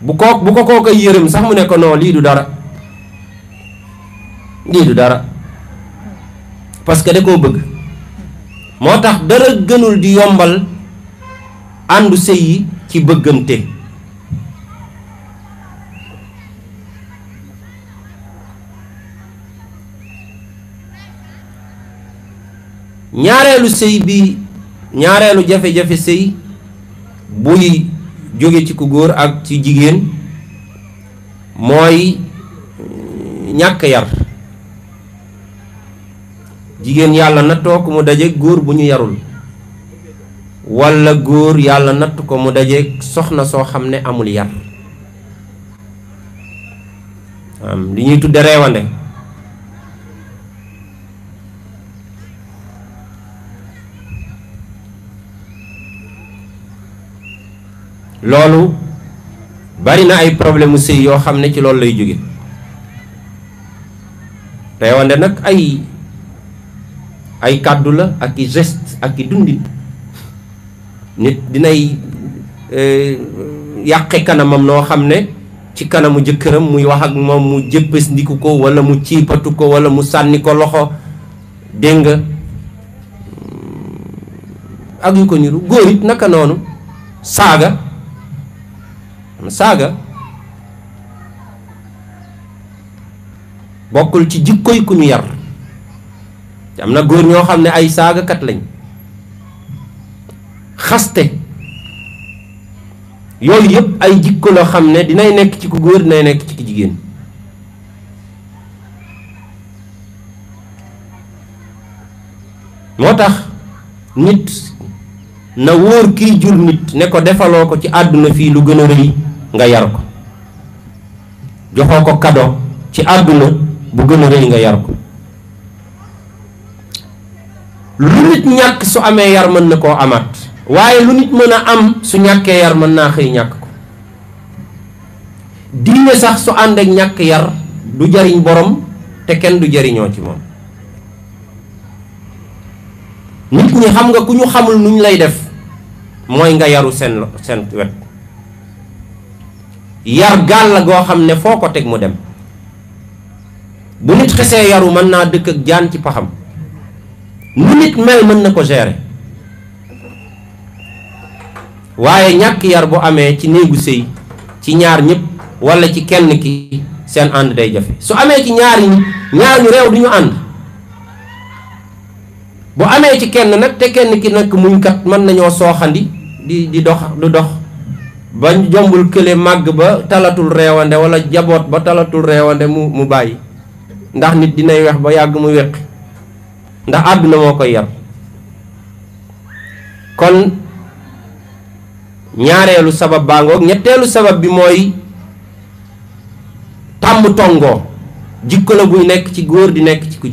bu kook bu ko kooka yërëm sax mu ne ko non lii du dara lii du dara parce que da koo bëgg moo tax dara gënul di yombal àndu sëy yi ci bëggante ñaareelu sëy bi ñaareelu jafe-jafe sëy buy jóge ci ku góor ak ci jigéen mooy euh, ñàkk yar jigéen yàlla nattoo ko mu dajeeg góor bu ñu yarul walla góor yàlla natt ko mu dajeeg soxna soo xam ne amul yar am li ñuy tudde reewande lolu bari na ay problème mu yo xamne ci lolu lay jóge teewande nak ay ay kàddu la ak geste ak dundin nit dinay e, yaqé kanamam no xamne ci kanamu jëkëram muy wax ak mom mu jëppes ndiku ko wala mu ciipatu ko wala mu sanni ko loxo deng ak yu ko niru goor nit naka nonu saga saaga bokkul ci jikkoy ku ñu yar am na góor ñoo xam ne ay saagakat lañ xaste yooyu yëpp ay jikko loo xam ne dinay nekk ci ku góor dinay nekk ci ku jigéen moo tax nit na wóor kiy jur nit ne ko defaloo ko ci àdduna fii lu gën a rëy nga yar ko joxo ko cadeau ci aduna bu gëna a nga yar ko lu nit ñak su amé yar mën na amat amaat waaye lu nit mëna am su ñaké yar mën na xey ñak ko diiné sax su ànd ak yar du jariñ borom té kenn du jariño ci mom nit ñi xam nga ku ñu xamul nuñ lay def moy nga yaru sen sen wet yar gaal la goo xam ne foo ko teg mu dem bu nit xesee yaru mën naa dëkk ak jaan ci paxam mu nit mel mën na ko gérer waaye ñàkk yar bu amee ci néegu sëy ci ñaar ñëpp walla ci kenn ki seen ànd day jafe su amee ci ñaar ñi ñaar ñu réew du ñu ànd bu amee ci kenn nag te kenn ki nag muñ kat mën nañoo sooxandi di di dox du dox bañ jombul kele mag ba talatul rewande wala jabot, ba talatul rewande mu mu bàyyi ndax nit dinay wex ba yag mu wex ndax aduna moko yar kon ñaarelu sabab ba nyete ñettelu sabab bi moy tam tongo jikko la buy nek ci guru di nek ci ku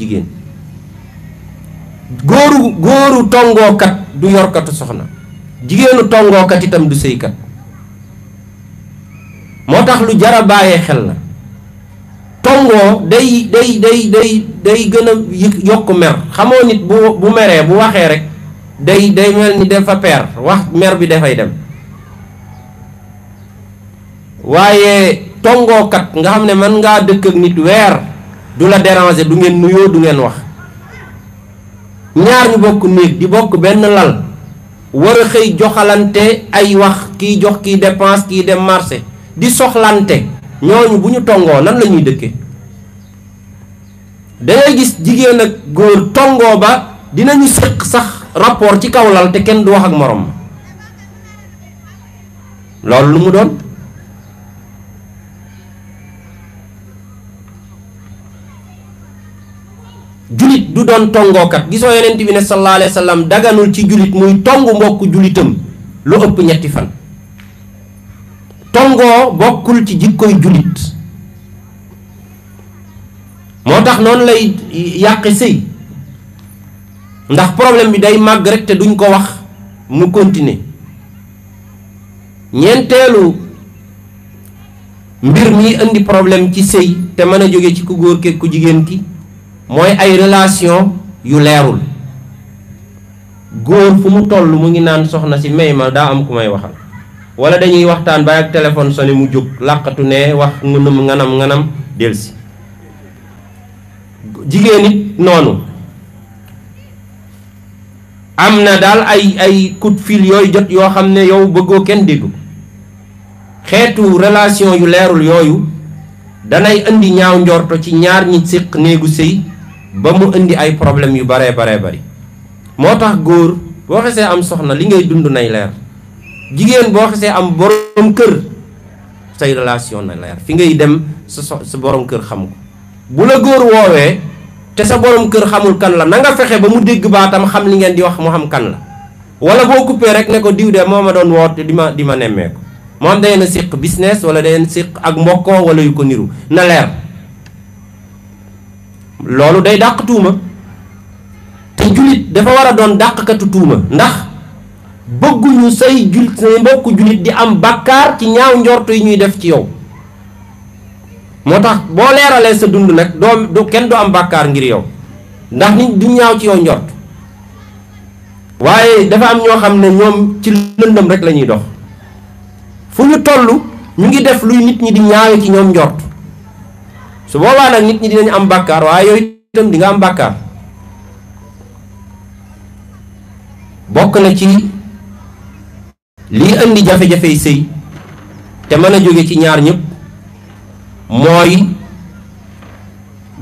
goru goru tongo kat du kat soxna tongo kat itam du kat motax lu jara baye xel la tongo day day day day day gëna yok mer xamoo nit bu bu meree bu waxee rek day day mel ni dafa per wax mer bi defay dem tongo kat nga xamne man nga dekk ak nit wer du la déranger du ngeen nuyo du ngeen wax ñaar ñu bokk néeg di bokk benn lal war a xëy joxalante ay wax kii jox kii dépense kii dem marché di soxlante ñooñu bu ñu tongoo nan la ñuy dëkke da ngay gis jigéen ak góor tongoo ba dinañu sëq sax rapport ci kawlal te kenn du wax ak morom loolu lu mu doon julit du doon kat gisoo yenen bi ne sallallahu alayhi wa sallam daganul ci julit muy tongu mbokk julitam lu ëpp ñetti fan tongoo bokkul ci jikkoy jullit moo tax noonu lay yàqi sëy ndax problème bi day màgg rek te duñ ko wax mu continuer ñeenteelu mbir mi indi problème ci sëy te mën a jóge ci ku góor ke ku jigéen ki mooy ay relation yu leerul góor fu mu toll mu ngi naan soxna si may ma daa am ku may waxal wala dañuy waxtaan bay ak téléphone soni mu jóg làqatu ne wax ngunum nganam nganam delsi jigéen nit nonu amna dal ay ay coup de fil yoy jot yo xam yow bëggo kenn dégg xétu relation yu lérul yoyu danay indi ñaaw ndorto ci ñaar ñi siq néegu sey ba mu indi ay problème yu bare bare bare motax goor góor boo am soxna li ngay dund nay jigéen boo xasee am borom kër say relation na leer fi ngay dem sa sa boroom kër xam ko bu la góor woowee te sa boroom kër xamul kan la na nga fexe ba mu dégg baatam xam li ngeen di wax mu xam kan la wala boo coupé rek ne ko diw de moo ma doon woote di ma di ma nemmeeku moom day na siq business wala day na siq ak mbokkoo wala yu ko niru na leer loolu day dàq tuuma te jullit dafa war a doon dàq dàqkatu tuuma ndax ñu say jul say mbokk julit di am bakkar ci ñaaw ndortu yi ñuy def ci yow motax bo leralé sa dund nak do du kenn do am bakkar ngir yow ndax ni du ñaaw ci yow ndort waaye dafa am ño xam ñom ci lëndëm rek la dox fu ñu tollu ñu ngi def luy nit ñi di ñaaw ci ñom ndort su boba nak nit ñi dinañ am bakkar waye yoy itam di nga am bakkar bok na ci lii indi jafe-jafey sëy te mën a jóge ci ñaar ñëpp mooy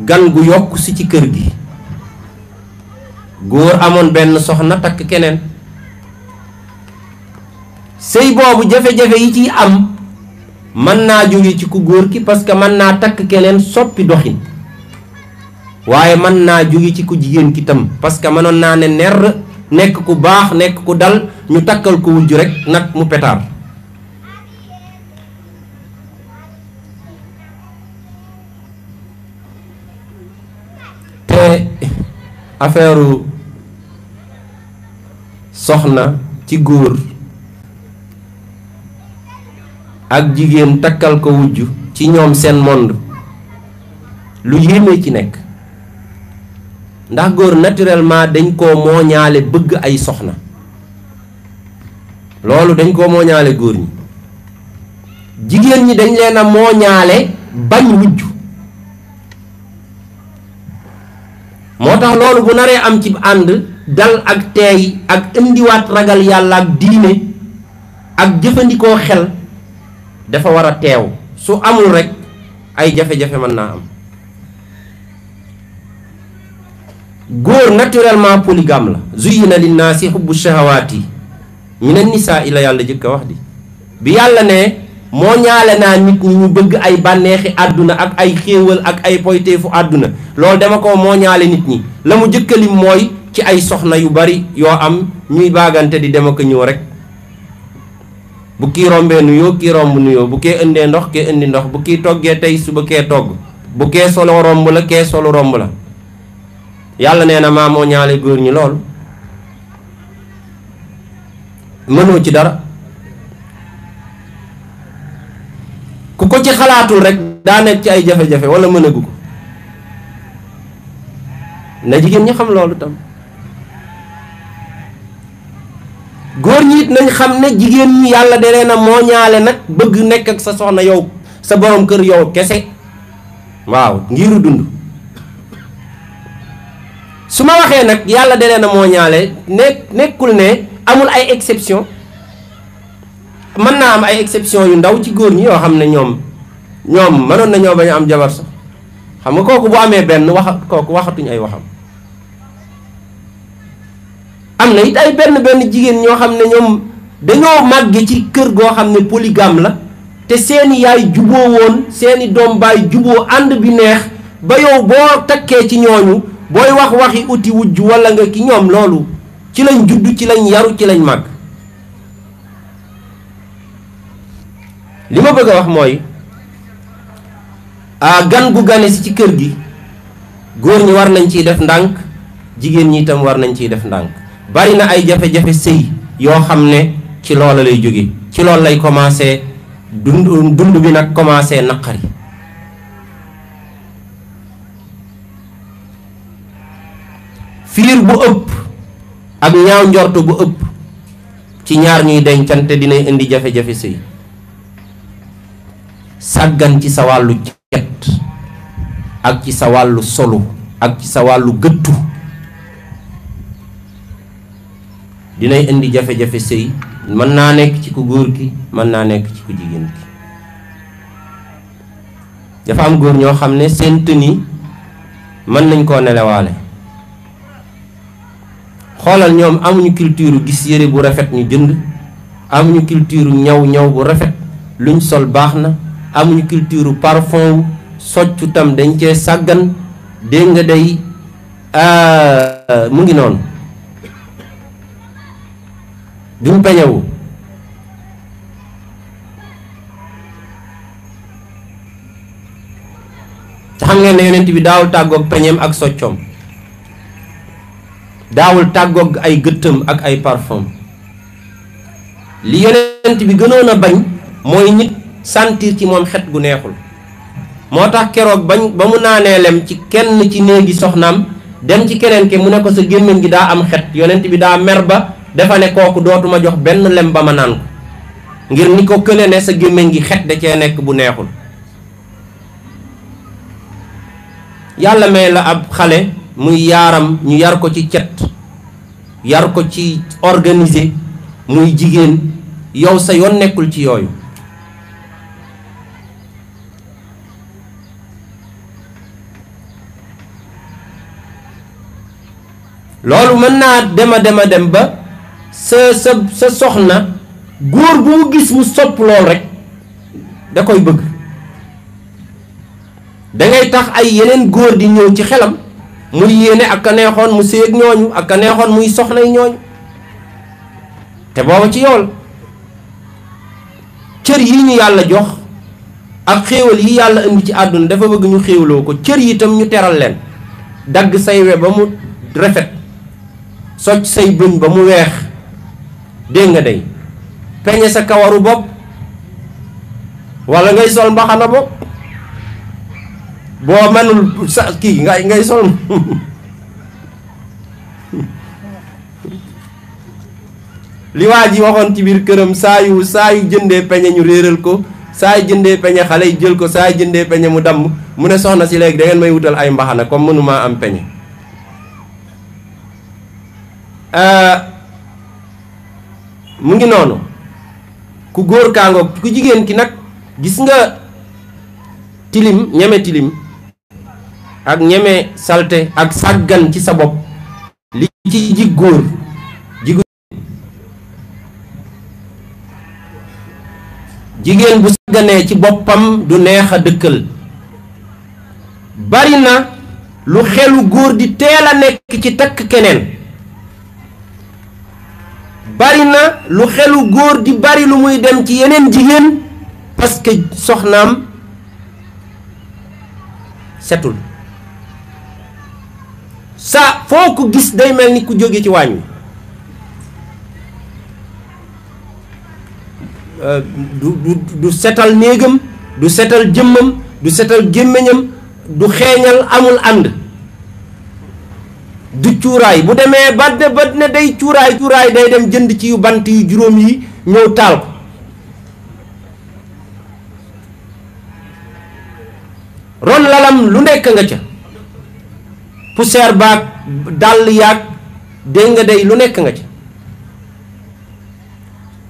gan gu yokk ci kër gi góor amoon benn soxna takk keneen sëy boobu jafe-jafe yi ciy am mën naa jóge ci ku góor gi parce que mën naa takk keneen soppi doxin waaye mën naa jóge ci ku jigéen ki tam parce que mënoon naa ne nerr nekk ku baax nekk ku dal ñu takkal ko wujj rekk nag mu pétard te affaire soxna ci góor ak jigéen takkal ko wujj ci ñoom seen mond lu yéeme ci nekk ndax góor naturellement dañ koo mooñaale bëgg ay soxna loolu dañ koo mooñaale góor ñi jigéen ñi dañ leen a mooñaale bañ wujj moo tax loolu bu naree am ci ànd dal ak teey ak indiwaat ragal yàlla ak diine ak jëfandikoo xel dafa war a teew su amul rekk ay jafe-jafe mën naa am góor naturelement polygame la zuyina linnaasi xubbu shahawaati mina nisaa i yàlla jëkk a wax di bi yàlla ne moo ñaale naa nit ñi ñu bëgg ay bànneexi àdduna ak ay xéewal ak ay poyteefu àdduna loolu dama ko moo ñaale nit ñi la mu jëkkalim mooy ci ay soxna yu bari yoo am ñuy bagante di dem ak ñëw rek bu kii rombee nuyoo kii romb nuyoo bu kee indee ndox kee indi ndox bu kii toggee tey suba kee togg bu kee solo romb la kee solo romb la yàlla nee na maa moo ñaale góor ñi loolu mënoo ci dara ku ko ci xalaatul rekk daa nekk ci ay jafe-jafe wala mën a gu na jigéen ñi xam loolu tam góor ñi it nañ xam ne jigéen ñi yàlla da leen a moo ñaale nag bëgg nekk ak sa soxna yow sa boroom kër yow kese waaw ngiru dund su ma waxee nag yàlla da leen a moo ñaale ne nekkul ne amul ay exception mën naa am ay exception yu ndaw ci góor ñi yoo xam ne ñoom ñoom mënoon nañoo bañ a am jabar sax xam nga kooku bu amee benn wax kooku waxatuñ ay waxam am na it ay benn benn jigéen ñoo xam ne ñoom dañoo màgge ci kër goo xam ne polygame la te seeni yaay juboo woon seeni doom baay juboo ànd bi neex ba yow boo takkee ci ñooñu booy wax waxi uti wujj walla nga ki ñoom loolu ci lañ judd ci lañ yaru ci lañ màgg li ma bëgg a wax mooy a gan gu gane si ci kër gi góor ñi war nañ ciy def ndànk jigéen ñi itam war nañ ciy def ndànk bari na ay jafe-jafe sëy yoo xam ne ci loola lay jóge ci loolu lay commencé dund dund bi nag commencé naqari fiir bu ëpp ak ñaaw njortu bu ëpp ci ñaar ñuy dencante dina indi jafe-jafe sëy saggan ci sa wàllu cet ak ci sa wàllu solo ak ci sa wàllu gëttu dinay indi jafe-jafe sëy mën naa nekk ci ku góor ki mën naa nekk ci ku jigéen ki dafa am góor ñoo xam ne seen nañ koo nelewaale xoolal ñoom amuñu culture gis yére bu rafet ñu jënd amuñu culture ñaw ñaw bu rafet luñ sol baax na amuñu culture parfum wu soccu tam dañ cee sàggan dégg nga day ah, mu ngi noonu duñ peñewu te xam ngeen ne yonent bi daawul tàggoog peñeem ak soccoom daawul tàggoog ay gëttam ak ay parfom li yonent bi gënoon a bañ mooy nit santiir ci moom xet gu neexul moo tax keroog bañ ba mu naanee lem ci kenn ci néegi soxnaam dem ci keneen ke mu ne ko sa gémmiñ gi daa am xet yonent bi daa mer ba dafa ne kooku dootuma jox benn lem ba ma naan ko ngir ni ko kële ne sa gémmiñ gi xet da cee nekk bu neexul yàlla may la ab xale muy yaaram ñu yar ko ci cet yar ko ci organiser muy jigéen yow sa yoon nekkul ci yooyu loolu mën naa dem a dem a dem ba sa sa soxna góor bu mu gis mu sopp lool rek da koy bëgg dangay tax ay yeneen góor di ñëw ci xelam mu yéene ak ka neexoon mu séeg ñooñu ak aneexoon neexoon muy soxnay ñooñu te booba ci yool cër yi ñu yàlla jox ak xéewal yi yàlla indi ci àdduna dafa bëgg ñu xéewloo ko cër yi tam ñu teral leen dagg say we ba mu rafet socc say bëñ ba mu weex dégg nga day peñe sa kawaru bopp wala ngay sol mbaxana bopp Bawa manul saki nggak nggak isol. liwaji waxoon ci biir këram sayu yu saa yu peñe ñu ko sayu yu jëndee peñe xale jël ko sayu yu jëndee peñe mu damm mu ne soxna si léegi da ngeen may wutal ay am peñe eh, mu ngi noonu ku góor kaangoog ku tilim ñeme tilim ak ñeme salte ak sàggan ci sa bopp li ci jig góor jigu bu sàgganee ci boppam du neex a dëkkal bari lu xelu góor di teel a nekk ci takk keneen bari na lu xelu góor di bari lu muy dem ci yeneen jigéen parce soxnaam setul saa foo ko gis day mel ni ku jóge ci waañ wi euh, du du du setal néegam du setal jëmmam du setal gémmiñam du xeeñal amul ànd du cuuraay bu demee ba de ba ne day cuuraay cuuraay day dem jënd ci bant yu juróom yi ñëw taal ko ron lalam lu nekk nga ca poussière baag dàll yaag dégg nga day lu nekk nga ci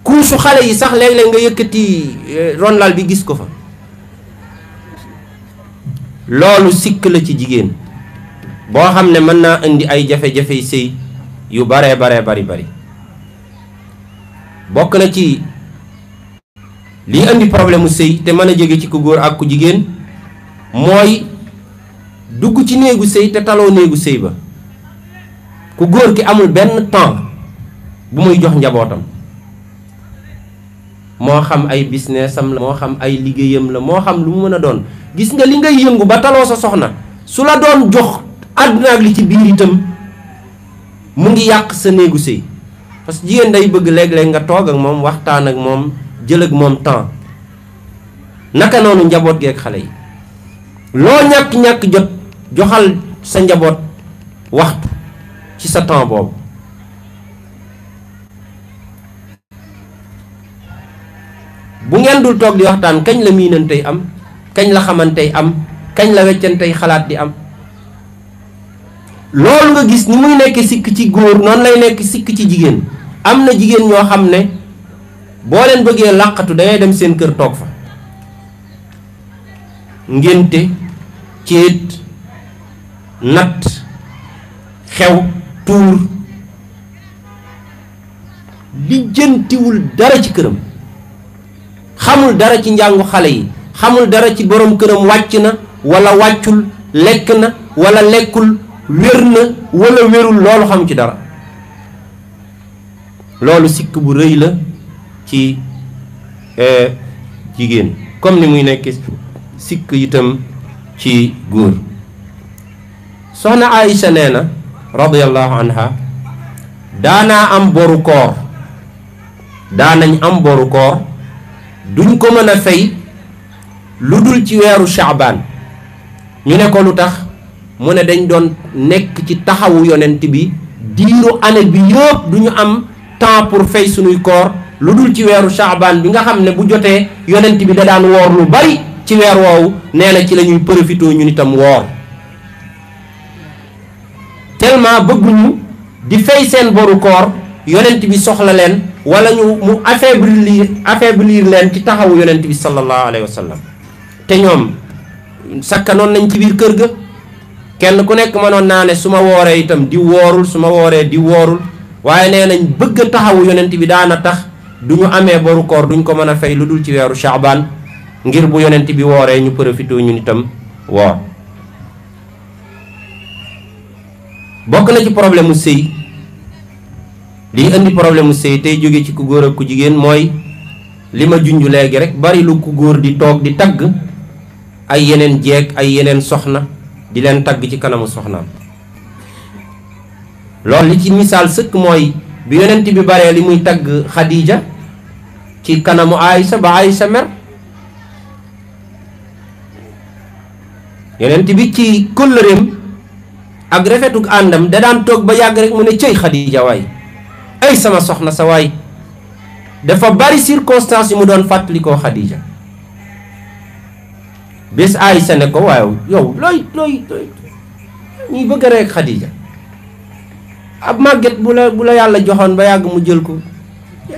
kuusu xale yi sax léeg-léeg nga yëkkati eh, ronlal bi gis ko fa loolu sikk la ci jigéen boo xam ne mën naa indi ay jafe-jafe sëy yu baree baree bari bari bokk na ci li indi problème mu sëy te mën a jóge ci ku góor ak ku jigéen mooy dugg ci neegu sey te talo neegu sey ba ku góor ki amul ben temps bu muy jox njabotam mo xam ay businessam la mo xam ay liggéeyam la mo xam lu mu meuna don gis nga li ngay yëngu ba talo sa soxna su la don jox aduna ak li ci biir itam mu ngi yàq sa neegu sey parce que day bëgg leg leg nga toog ak mom waxtaan ak mom jël ak mom temps naka nonu njabot xalé yi ñak jot joxal sa njaboot waxtu ci sa temps boobu bu ngeen dul toog di waxtaan kañ la miinantey am kañ la xamantey am kañ la weccantey xalaat di am loolu nga gis ni muy nekk sikk ci góor noonu lay nekk sikk ci jigéen am na jigéen ñoo xam ne boo leen bëggee làqatu dangay dem seen kër toog fa ngénte céet natt xew tuur lijjantiwul dara ci këram xamul dara ci njàngu xale yi xamul dara ci borom këram wàcc na wala wàccul lekk na walla lekkul wér na wala wérul loolu xam ci dara loolu sikk bu rëy la ci eh, jigéen comme ni muy nekk sikk itam ci góor Sona aisha nena, radiyallahu anha dana am boru dana daanañ am boru koor duñ ko mën a fay ludul ci weeru shaabaan ñu ne ko lu tax mu ne dañ doon nekk ci taxawu yonent bi diiru ane bi yëpp duñu am temps pour fay sunuy koor ludul ci weeru bi nga xam ne bu jotee yonent bi da daan woor lu bari ci weer woowu nee na ci lañuy profito ñun itam woor tellement bëgguñu di fay seen boru koor yonent bi soxla leen wala ñu mu affaiblir affaiblir leen ci taxawu yonent bi sallallahu alayhi wa sallam te ñoom sakkanoon nañ ci biir kër ga kenn ku nekk mënoon naa ne su ma wooree itam di woorul su ma wooree di woorul waaye nee nañ bëgg a taxawu yonent bi daana tax du ñu amee boru koor duñ ko mën a fay lu dul ci weeru Shaaban ngir bu yonent bi wooree ñu profité ñun itam woor bokk na ci problème mu sëy liy indi problème mu sëy tey jóge ci ku góor ak ku jigéen mooy li ma junju léegi rek bari lu ku góor di toog di tagg ay yeneen jeeg ay yeneen soxna di leen tagg ci kanamu soxnaam lool li ci misaal sëkk mooy bi yonent bi baree li muy tagg Xadija ci kanamu Aysa ba Aysa mer yonent bi ci kóllëreem ak rafetuk àndam da daan toog ba yàgg rek mu ne cëy Xadija waay ay sama soxna sa waay dafa bari circonstance yu mu doon fàttalikoo Xadija bés Aysa ne ko waaw yow looy looy looy ñuy bëgg rek Xadija ab màgget bu la bu la yàlla joxoon ba yàgg mu jël ko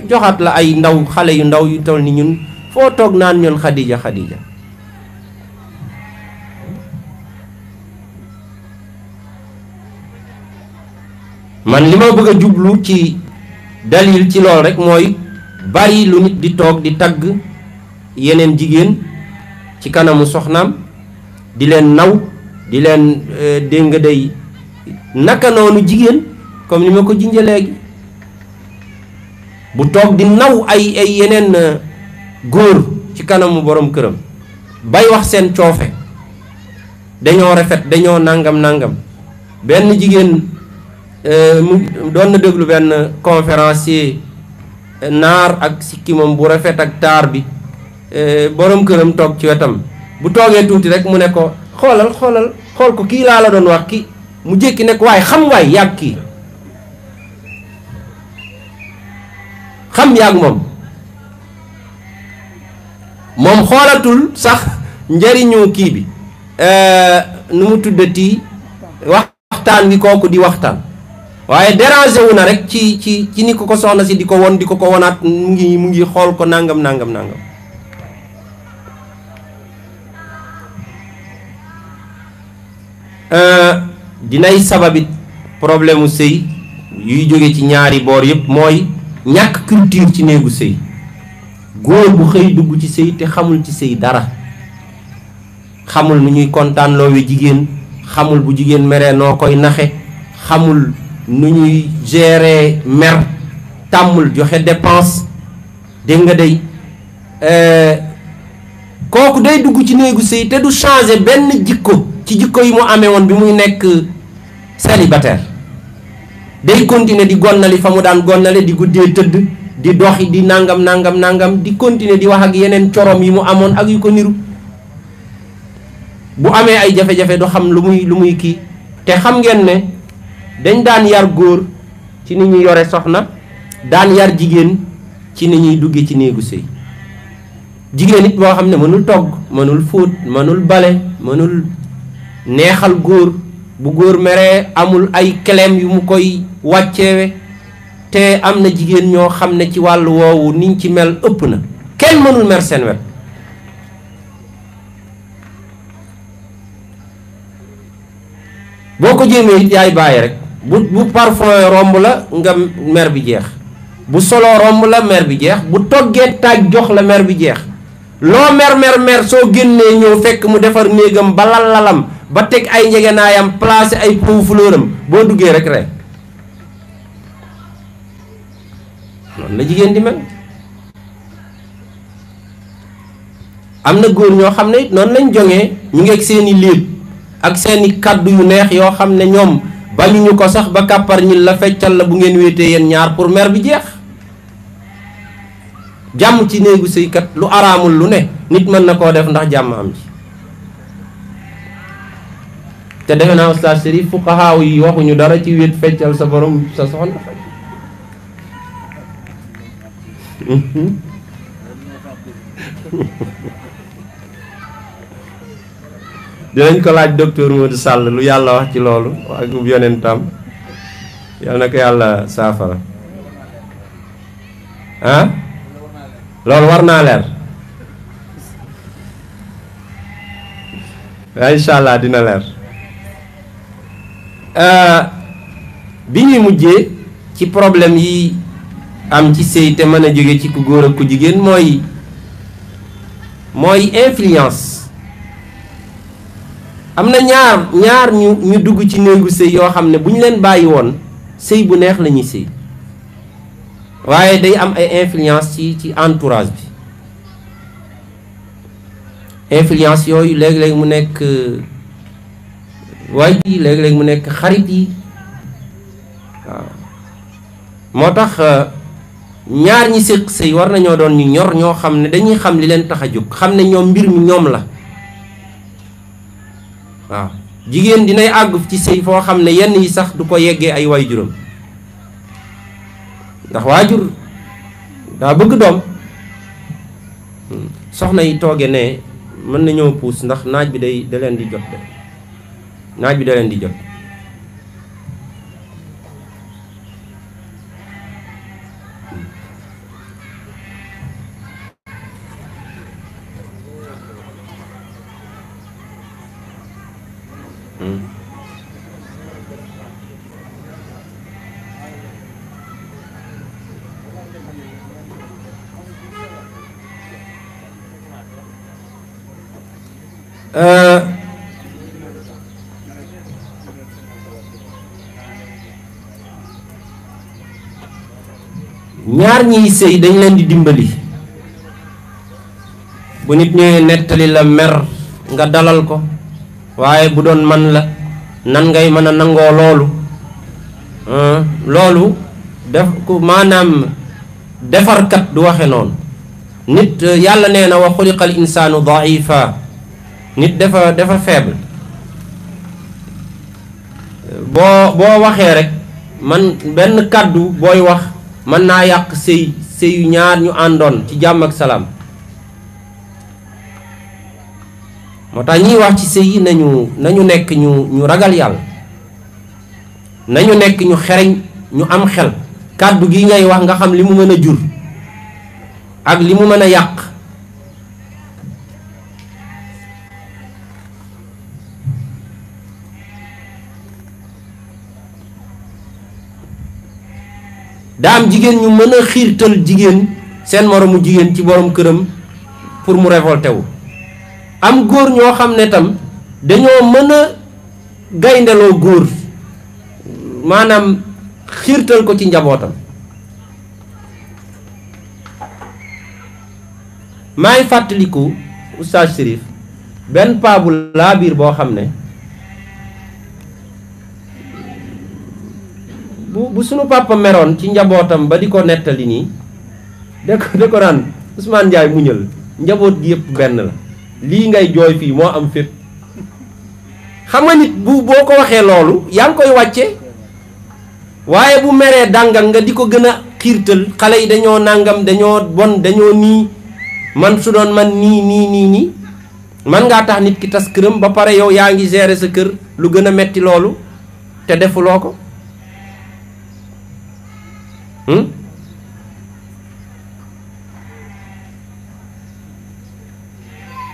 joxaat la ay ndaw xale yu ndaw yu toll ni ñun foo toog naan ñoon Xadija Xadija man lima bëgg jublu ci dalil ci lool rek moy bari lu nit di tok di tag yenen jigen ci kanamu soxnam di len naw di len euh, dégg dey naka nonu jigen comme nima ko jinjé légui bu tok di naw ay ay yenen euh, goor ci kanamu borom kërëm bay wax sen ciofé dañoo rafet dañoo nangam nangam ben jigen Euh, mu doon na déglu benn conférencier euh, naar ak sikki moom bu rafet ak taar bi euh, boroom këram toog ci wetam bu toogee tuuti rek mu ne ko xoolal xoolal xool ko kii laa la doon wax ki mu jékki nekk waaye xam waay yàgg kii xam yàgg moom moom xoolatul sax njariñu kii bi nu mu tuddati waxtaan wi kooku di waxtaan waaye dérangé na rek ci ci ci ni ko ko soxna si di ko won di ko ko wonaat mu ngi mu ngi xool ko nangam nangam nangam euh, dinay sababit problème mu sëy yuy jóge ci ñaari boor yëpp mooy ñàkk culture ci néegu sëy góor bu xëy dugg ci sëy te xamul ci sëy dara xamul nu ñuy kontaanloowe jigéen xamul bu jigéen mere noo koy naxe xamul nu ñuy gérer mer tàmmul joxe dépense dégg nga day euh, kooku day dugg ci néegu sëy te du changer benn jikko ci jikko yi mu amee woon bi muy nekk célibataire day continuer di gonnali fa mu daan gonnale di guddee tëdd di doxi di nangam nangam nangam di continuer di wax ak yeneen corom yi mu amoon ak yu ko niru bu amee ay jafe-jafe du xam lu muy lu muy kii te xam ngeen ne dañ daan yar góor ci ni ñu yore soxna daan yar jigéen ci ni ñuy dugge ci néegu sëy jigéen it boo xam ne mënul togg mënul fóot mënul bale mënul neexal góor bu góor meree amul ay kelem yu mu koy wàcceewe te am na jigéen ñoo xam ne ci wàll woowu niñ ci mel ëpp na kenn mënul mer seen wet boo ko jéemee it yaay bàyyi rek bu bu parfum romb la nga mer bi jeex bu solo romb la mer bi jeex bu toggee taaj jox la mer bi jeex loo mer mer mer soo génnee ñëw fekk mu defar néegam ba lal lalam ba teg ay njegenaayam placé ay pot fleur boo duggee rek rek noonu la jigéen di mel am na góor ñoo xam ne noonu lañ joŋee ñu ngi ak seeni léeb ak seeni kàddu yu neex yoo xam ne ñoom ñu ko sax ba kàppar ñi la feccal la bu ngeen wéetee yéen ñaar pour mer bi jeex jàmm ci néegu kat lu araamul lu ne nit mën na koo def ndax jàmm am ci te defe naa oustaz Chérif yi waxuñu dara ci wéet feccal sa borom sa soxna dinañ ko laaj docteur Modou Sall lu yàlla wax ci loolu ak yonentam yal na ko yàlla saafara ah loolu war naa leer incha allah dina leer euh, bi ñuy mujjee ci problème yi am ci sëy te mën a jóge ci ku góor ak ku jigéen mooy mooy influence am na ñaar ñaar ñu ñu dugg ci néegu sëy yoo xam ne bu ñu leen bàyyi woon sëy bu neex la ñuy sëy waaye day am ay influence ci ci entourage bi influence yooyu léeg-léeg mu nekk waay yi léegi léeg mu nekk xarit yi moo tax euh, ñaar ñi séq sëy war nañoo doon ñu ñor ñoo xam ne dañuy xam li leen tax a jóg xam ne ñoom mbir mi ñoom la waaw jigéen dinay àgg ci sëy foo xam ne yenn yi sax du ko yeggee ay waajuram ndax waa jur daa bëgg doom soxna yi tooge ne mën nañoo puus ndax naaj bi day da leen di jot de naaj bi da leen di jot Euh, ñaar ñiy sëy dañ leen di dimbali bu nit ñëwee nettali la mer nga dalal ko waaye bu doon man la nan ngay mën a nangoo loolu euh, loolu def ku maanaam defarkat du waxe noonu nit yàlla nee na wa xuliqal insaanu daifa nit dafa dafa faible Bo bo waxee rek man benn kaddu booy wax mën naa yàq sëy sëyu ñaar ñu àndoon ci jàmm ak salaam moo tax ñiy wax ci sëy nañu nañu nekk ñu ñu ragal yàlla nañu nekk ñu xereñ ñu am xel kaddu gi ngay wax nga xam li mu mën a jur ak li mu mën a yàq daa am jigéen ñu mën a xiirtal jigéen seen moromu jigéen ci borom këram pour mu révolté am góor ñoo xam ne tam dañoo mën a gayndeloo góor maanaam xiirtal ko ci njabootam maay fàttaliku oustaz Chérif benn paa bu laa biir boo xam ne bu bu sunu papa meron ci njabotam ba diko netali ni nii da ko da ko naan Ousmane Ndiaye muñal njaboot gi yep ben la li ngay joy fi mo am fépp xam nga nit bu boko waxe waxee yang koy wacce waye bu mere nga di gëna gën xalé yi dañoo nangam dañoo bon dañoo ni man su doon man ni ni ni ni man nga tax nit ki tas këram ba pare yow yaangi gérer sa kër lu gëna metti te Hmm?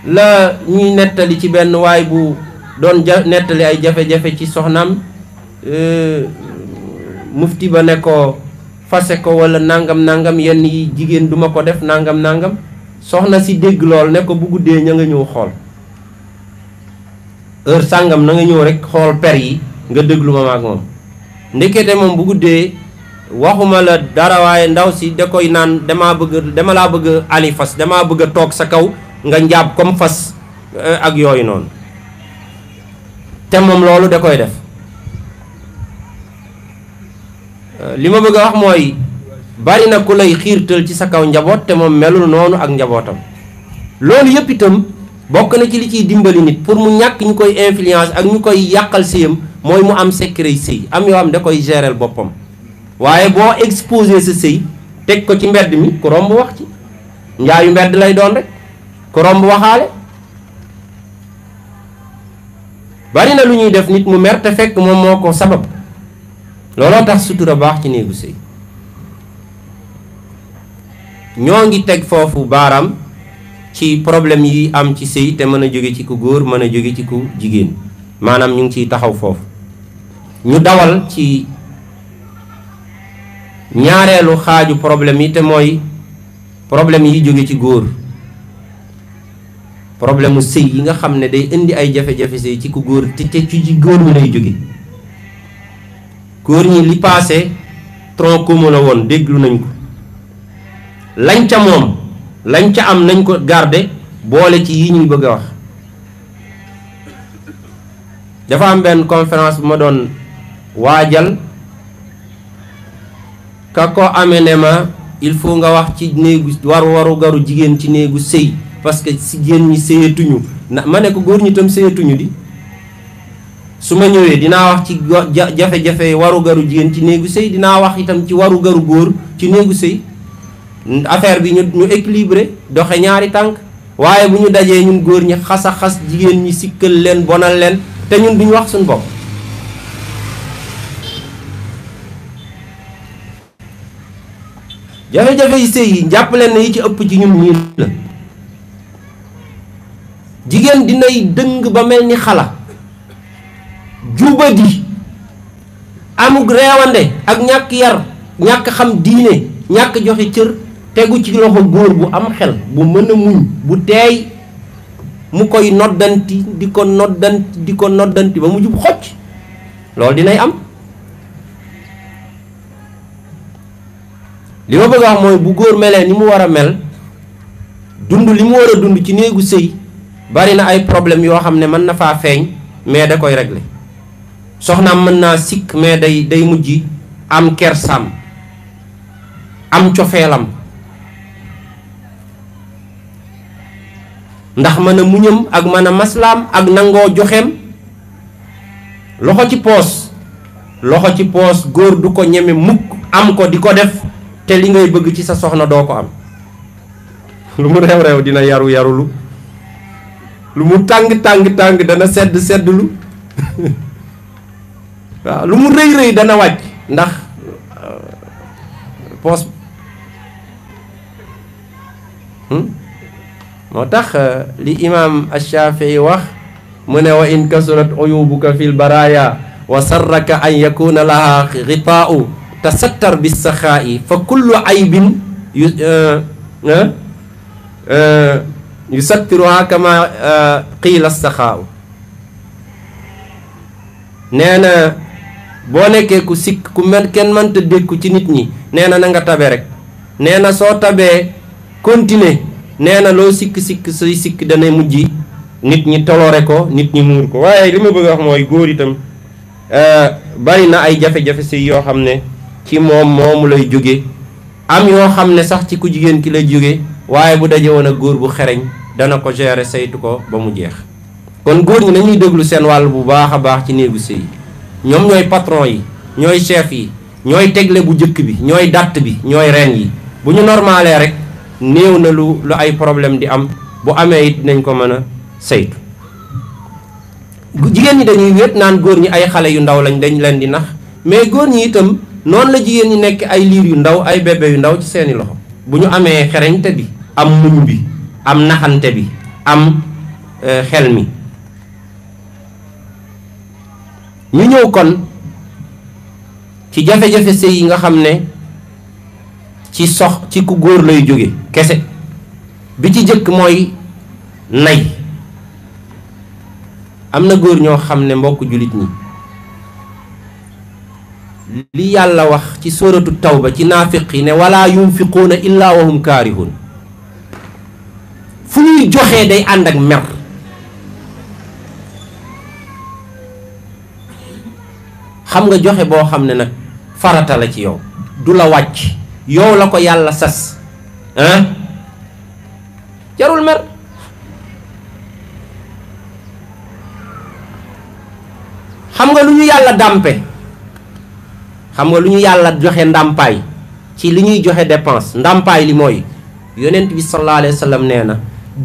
la ñuy nettali ci benn waay bu doon ja nettali ay jafe-jafe ci soxnaam euh, mufti ba ne ko fase ko walla nangam nangam yenn yi jigéen duma ko def nangam nangam soxna si dégg lool ne ko bu guddee ña nga ñëw xool heure sàngam na nga ñëw rekk xool per yi nga déglu ma maag moom ndekete moom bu guddee waxuma la dara waaye ndaw si da koy naan dama bëgg dama laa bëgg ali fas dama bëgg toog sa kaw nga njaab comme fas euh, ak yooyu noonu te moom loolu da koy def euh, li ma bëgg a wax mooy bari na ku lay xiirtal ci sa kaw njaboot te moom melul noonu ak njabootam loolu yëpp itam bokk na ci li ciy dimbali nit pour mu ñàkk ñu koy influence ak ñu koy yàqal si séyam mooy mu am secret si am yoo am da koy gérer boppam waaye boo exposé sa sëy teg ko ci mbedd mi ku romb wax ci njaayu mbedd lay doon rek ku romb waxaale bari na lu ñuy def nit mu mer te fekk moom moo ko sabab looloo tax sutura baax ci néegu sëy ñoo ngi teg foofu baaraam ci problème yi am ci sëy te mën a jóge ci ku góor mën a jóge ci ku jigéen maanaam ñu ngi ciy taxaw foofu ñu dawal ci ñaareelu xaaju problème yi te mooy problème yi jóge ci góor problème mu sëy yi nga xam ne day indi ay jafe-jafe sëy ci ku góor te ci ci góor mi lay jóge góor ñi li passé tronc commun la woon déglu nañ ko lañ ca moom lañ ca am nañ ko garder boole ci yi ñuy bëgg a wax dafa am benn conférence bu ma doon waajal kako amene ma il faut nga wax ci neegu war waru garu jigen ci neegu sey parce que si jigéen ñi seyetuñu na ko gor ñi tam seyetuñu di suma ma dina wax ci jafe-jafe waru garu jigen ci neegu sey dina wax itam ci waru garu gor ci neegu sey affaire bi ñu ñu équilibrer doxé ñaari tank waye bu ñu ñun gor ñi xassa xass jigen ñi sikkel leen bonal leen té ñun duñ wax suñ bop jafe-jafe yi sëy yi jàpp leen yi ci ëpp ci ñun ñii la jigéen dinay dëng ba mel ni xala jubadi amug reewande ak ñàkk yar ñàkk xam diine ñàkk joxe cër tegu ci loxo góor bu am xel bu mën a muñ bu teey mu koy noddanti di ko noddanti di ko noddanti ba mu jub xocc loolu dinay am li ma bëgg a wax mooy bu góor melee ni mu war a mel dund li mu war dund ci néegu sëy bari na ay problème yoo xam ne mën na faa feeñ mais da koy régler soxnaam mën naa sikk mais day day mujj am kersaam am cofeelam ndax mën a muñam ak mën a maslaam ak nangoo joxeem loxo ci poos loxo ci poos góor du ko ñeme mukk am ko di ko def te li ngay bëgg ci sa soxna do ko am lu mu rew rew dina yaru yarulu lu mu tang tang tang dana sedd lu wa lu mu reey reey dana wajj ndax euh, pos, hmm? moo tax euh, li ash-shafi'i wax mune wa in kasurat uyubuka fil baraya wa sarraka an yakuna laha ghita'u tasattar bi saxaa yi fa kullu aybin yu yu sattiruha kama qiila saxaaw nee na boo nekkee ku sikk ku mel kenn mënta dékku ci nit ñi nee na na nga tabe rek nee na soo tabee continuer nee na loo sikk-sikk say sikk dana mujj nit ñi toloore ko nit ñi muur ko waaye li ma bëgg a wax mooy góor itam bari na ay jafe-jafe si yoo xam ne ci moom moomu lay jóge am yoo xam ne sax ci ku jigéen ki lay jóge waaye bu dajee woon ak góor bu xereñ dana ko gérer saytu ko ba mu jeex kon góor ñi nañuy déglu seen wàll bu baax a baax ci néegu sëy ñoom ñooy patron yi ñooy chef yi ñooy tegle bu jëkk bi ñooy dàtt bi ñooy reen yi bu ñu normaalee rek néew na lu lu ay problème di am bu amee it dinañ ko mën a saytu jigéen ñi dañuy wéet naan góor ñi ay xale yu ndaw lañ dañ leen di nax mais góor noonu la jigéen ñi nekk ay liir yu ndaw ay bébé yu ndaw ci seeni loxo bu ñu amee xereñte bi am muñ bi am naxante bi am euh, xel mi ñu ñëw kon ci jafe-jafe sëy yi nga xam ne ci sox ci ku góor lay jóge kese bi ci jëkk mooy nay am na góor ñoo xam ne mbokk jullit ñi li yàlla wax ci sóoratu ba ci naafiq yi ne wala yunfiquuna illa wahum kaarihun fu ñuy joxee day ànd ak mer xam nga joxe boo xam ne nag farata la ci yow du la wàcc yow la ko yàlla sas ah jarul mer xam nga lu ñu yàlla dàmpe xam nga lu ñu yàlla joxe ndàmpaay ci li ñuy joxe dépense ndàmpaay li mooy yonent bi sallallahu alayhi wa sallam nee na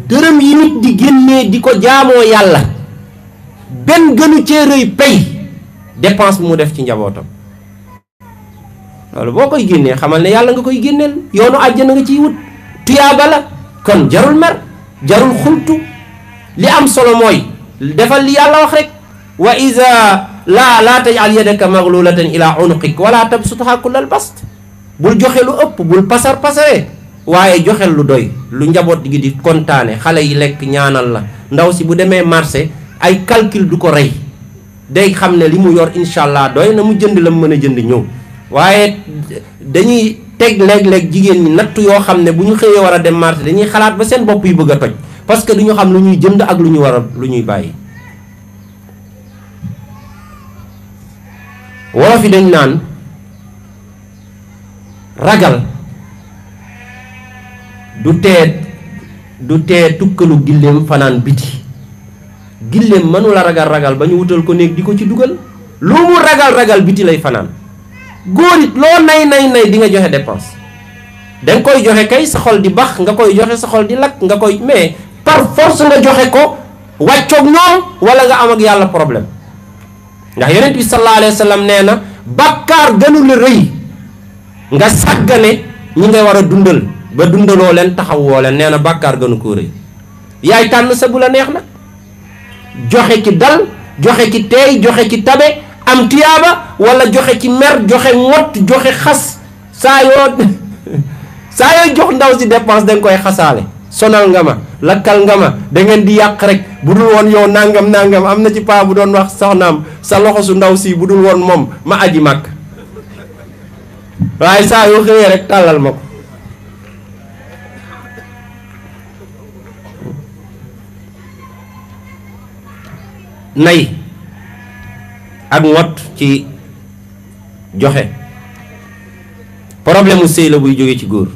dërëm yi nit di génnee di ko jaamoo yàlla benn gënu cee rëy pay dépense bu mu def ci njabootam loolu boo koy génnee xamal ne yàlla nga koy génneel yoonu àjjana nga ciy wut tuyaaba la kon jarul mer jarul xultu li am solo mooy defal li yàlla wax rek wa iza laa laa tajal yadaka maglulatan ila unuqik wala tabsutha kullal bast bul joxe lu ëpp bul pasar pasare waaye joxel lu doy lu njaboot gi di kontaane xale yi lekk ñaanal la ndaw si bu demee marché ay calcul du ko rey day xam ne li mu yor incha allah doy na mu jënd la mu mën a jënd ñëw waaye dañuy teg léeg-léeg jigéen ñi natt yoo xam ne bu ñu xëyee war a dem marché dañuy xalaat ba seen bopp yi bëgg a toj parce que du ñu xam lu ñuy jënd ak lu ñu war a lu ñuy bàyyi wolof yi dañ naan ragal du tee du tee tukkalu gilleem fanaan biti gilleem mënula ragal ragal ba ñu wutal ko néeg di ko ci dugal lu mu ragal ragal biti lay fanaan góor it loo nay nay nay di nga joxe dépense danga koy joxe kay sa xol di bax nga koy joxe sa xol di lakk nga koy mais par force nga joxe ko wàccoog ñoom wala nga am ak yàlla problème ndax yonent bi sallallahu alayhi wa nee na bàkkaar gënu la rëy nga sàggane ñi nga war a dundal ba dundaloo leen taxawoo leen nee na bàkkaar gënu koo rëy yaay tànn sa bu la neex na joxe ci dal joxe ci teey joxe ci tabe am tiyaaba walla joxe ci mer joxe ngott joxe xas saa yoo saa yoo jox ndaw si depanse danga koy xasaale sonal nga ma lakkal nga ma dangeen di yàq rek bu dul woon yow nangam nangam am na ci paa bu doon wax soxnaam sa loxo su ndaw si bu dul woon moom ma aji màkk waaye saa yoo xëyee rek tàllal ma ko nay ak ngot ci joxe problème mu sëy la buy jóge ci góor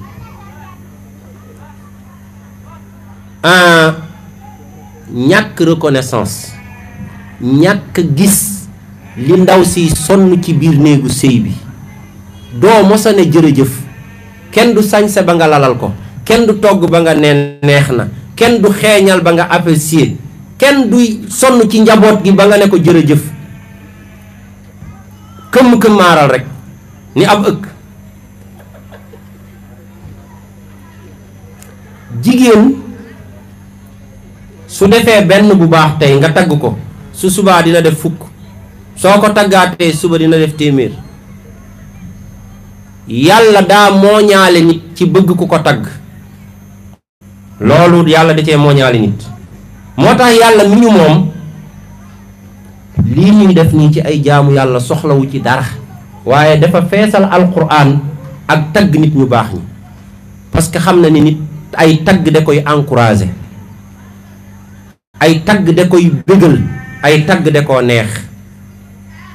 ñàkk reconnaissance ñàkk gis li ndaw si sonn ci biir néegu sëy bi doo mosa ne jërëjëf kenn du sañse ba nga lalal ko kenn du togg ba nga neen neex na kenn du xeeñal ba nga apprécier kenn du sonn ci njaboot gi ba nga ne ko jërëjëf këm këmm rek ni ab ëkk jigéen su defee benn bu baax tey nga tagg ko su subaa dina def fukk soo ko suba dina def téeméer yàlla daa mooñaale nit ci bëgg ku ko tagg loolu yalla da cee mooñaale nit moo yalla yàlla mi ñu moom lii ñuy def nii ci ay jaamu yàlla soxlawu ci dara waaye dafa feesal alquran ak tagg nit ñu baax ñi parce que xam ni nit ay tagg da koy encourager ay tagg da koy bëggal ay tagg de koo neex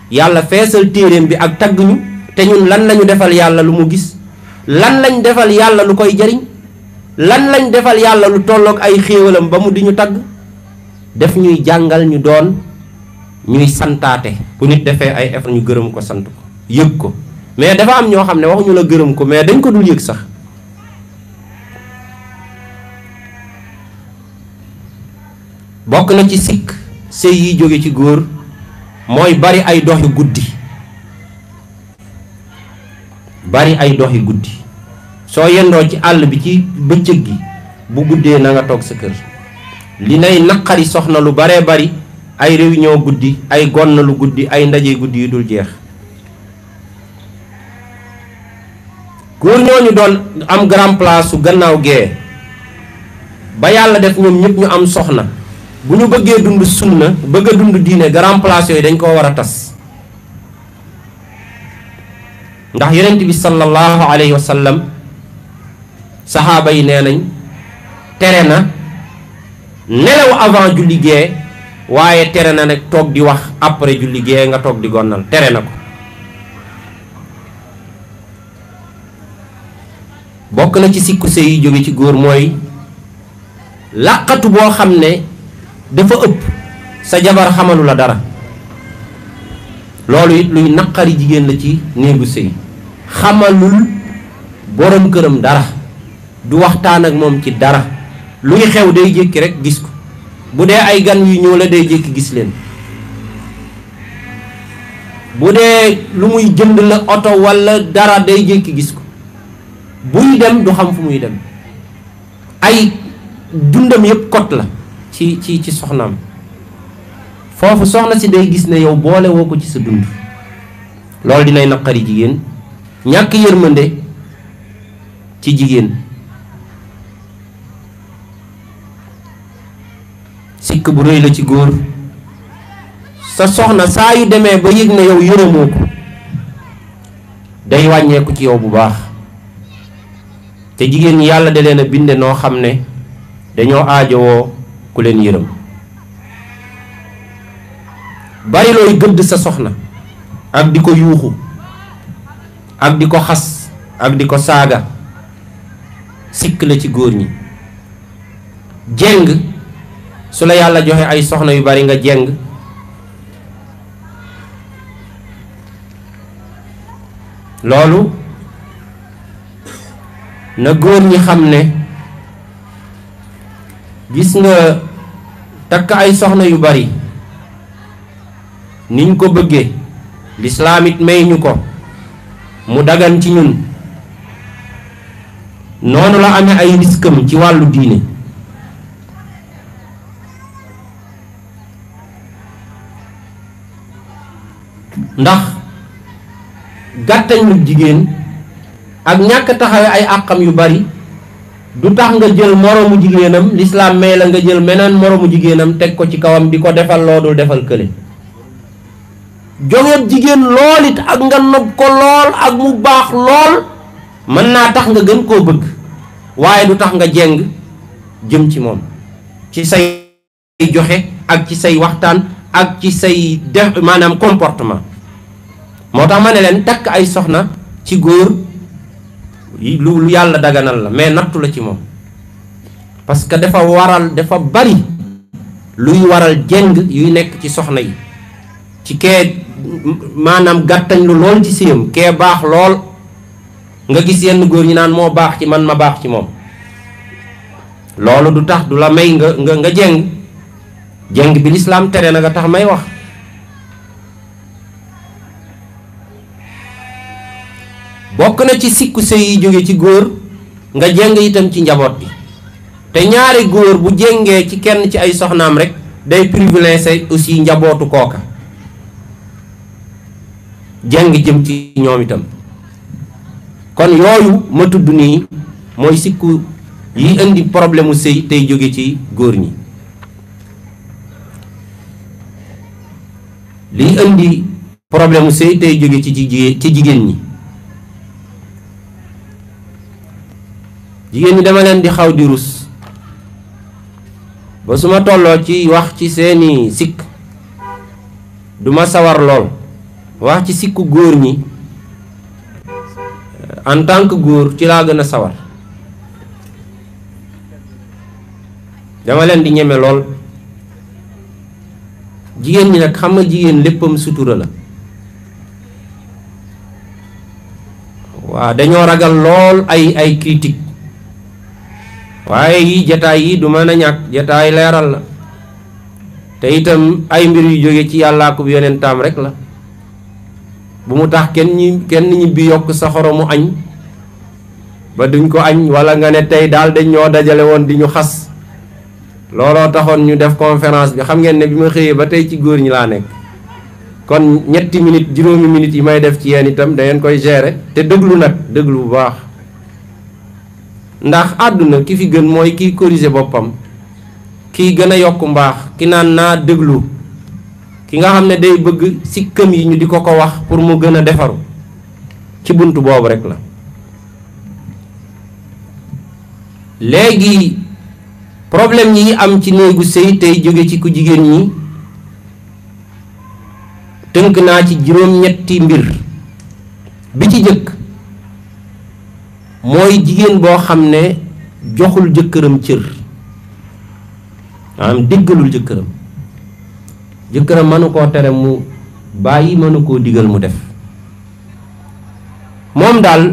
yàlla feesal téeréem bi ak tagg ñu te ñun lan lañu defal yàlla lu mu gis lan lañ defal yàlla lu koy jariñ lan lañ defal yàlla lu tolloog ay xéewalam ba mu di ñu tagg def ñuy jàngal ñu doon ñuy santaate bu nit defee ay effort ñu gërëm ko sant ko yëg ko mais dafa am ñoo xam ne waxuñu la gërëm ko mais dañ ko dul yëg sax bokk na ci sikk sëy yi jóge ci góor mooy bari ay doxi guddi bari ay doxi guddi soo yendoo ci àll bi ci bëccëg gi bu guddee nanga toog sa kër li nay naqari soxna lu baree bari ay réunion guddi ay gonn lu guddi ay ndaje guddi yu dul jeex góor ñooñu doon am grand place su gannaaw gee ba yàlla def ñoom ñëpp ñu am soxna bu ñu bëggee dund sunna bëgg a dund diine grand place yooyu dañ koo war a tas ndax yonent bi sallallahu alayhi wa saxaaba yi nee nañ tere na nelaw avant julli gee waaye tere na nag toog di wax après julli gee nga toog di gonnal tere na ko bokk na ci sikku sëy yi jóge ci góor mooy làqatu boo xam ne dafa ëpp sa jabar xamalu la dara loolu it luy naqari jigéen la ci néegu sëy xamalul borom këram dara du waxtaan ak moom ci dara luy xew day jékki rek gis ko bu dee ay gan yu ñëw la day jékki gis leen bu dee lu muy jënd la oto walla dara day jékki gis ko buy dem du xam fu muy dem ay dundam yépp kot la ci ci ci soxnaam foofu soxna si day gis ne yow boole woo ko ci sa dund loolu dinay naqari jigéen ñàkk yërmande ci jigéen sikk bu rëy la ci góor sa soxna saa yu demee ba yëg ne yow yërëmoo ko day wàññeeku ci yow bu baax te jigéen ñi yàlla de leen a binde noo xam ne dañoo aajowoo ku leen yërëm bàyyi gëdd sa soxna ak di ko yuuxu ak di ko xas ak di ko saaga sikk la ci góor ñi jéng su la yàlla joxe ay soxna yu bari nga jeng loolu na góor ñi xam ne gis nga takk ay soxna yu bari niñ ko bëggee lislaam it may ñu ko mu dagan ci ñun noonu la amee ay riskam ci wàllu diine ndax gàttañ lu jigéen ak ñàkk taxawe ay àqam yu bari du tax nga jël moromu jigéenam l'islam may la nga jël meneen moromu jigéenam teg ko ci kawam di ko defal dul defal kële jongeeb jigéen lolit ak nga nob ko lool ak mu baax lool mën naa tax nga gën koo bëgg waaye du tax nga jeng jëm ci moom ci say joxe ak ci say waxtaan ak ci say def maanaam comportement moo tax ma ne ay soxna ci góor lu yàlla daganal la mais nattu la ci moom parce que dafa waral dafa bari luy waral jeng yuy nekk ci soxna yi ci kee maanaam gàttañ lu lool ci séyam kee baax lool nga gis yenn góor ñi naan moo baax ci man ma baax ci moom loolu du tax du la may nga nga nga jeng jeng bi lislaam tere na nga tax may wax bokk na ci sikku sëy yi jóge ci góor nga jéng itam ci njaboot bi te ñaari góor bu jéngee ci kenn ci ay soxnaam rekk day privilégié aussi njabootu kooka jàng jëm ci ñoom itam kon yooyu ma tudd nii mooy sikku yi indi problème mu sëy tey jóge ci góor ñi liy indi problème mu sëy tey jóge ci ci jigéen ñi jigéen ñi dama leen di xaw di rus ba su ma tolloo ci wax ci seeni sikk duma sawar lool wax ci sikku góor ñi euh, en tant que góor ci laa gën sawar dama leen di ñeme lool jigéen ñi nag xam nga jigéen léppam sutura la waaw dañoo ragal lool ay ay critique waaye yi jataay yii du mën a ñàkk jataay leeral la te itam ay mbir yu jóge ci yàllaa ko taam rek la bu mu tax kenn ñi kenn ñibbi yokk sa xoromu añ ba duñ ko añ wala nga ne tey daal dañ ñoo dajale woon di ñu xas looloo taxoon ñu def conférence bi xam ngeen ne bi ma xëyee ba tey ci góor ñi laa nekk kon ñetti minute juróomi minute yi may def ci yenn itam da koy gérer te déglu nag déglu bu baax ndax àdduna ki fi gën mooy kiy corriger boppam kiy gën a yokk mbaax ki naan naa déglu ki nga xam ne day bëgg sikkam yi ñu di ko ko wax pour mu gën a defaru ci bunt boobu rek la léegi problème yi am ci néegu sëy tey jóge ci ku jigéen ñi tënk naa ci juróom-ñetti mbir bi ci jëkk mooy jigéen boo xam ne joxul jëkkëram cër maanaam diggalul jëkkëram jëkkëram mënu koo tere mu bàyyi mënu koo digal mu def moom daal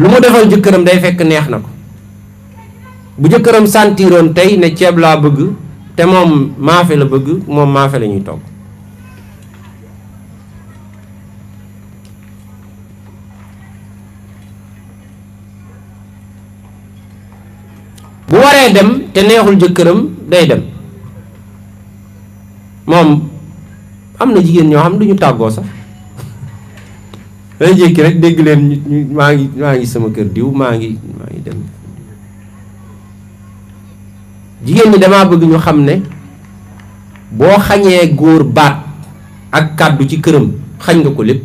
lu mu defal jëkkëram day fekk neex na ko bu jëkkëram santiroon tey ne ceeb laa bëgg te moom maafe la bëgg moom maafe la ñuy togg dem te neexul jëkkëram day dem moom am na jigéen ñoo xam du ñu tàggoo sax day jékki rek dégg leen ñu maa ngi maa ngi sama kër diw maa ngi maa ngi dem jigéen ñi damaa bëgg ñu xam ne boo xañee góor baat ak kàddu ci këram xañ nga ko lépp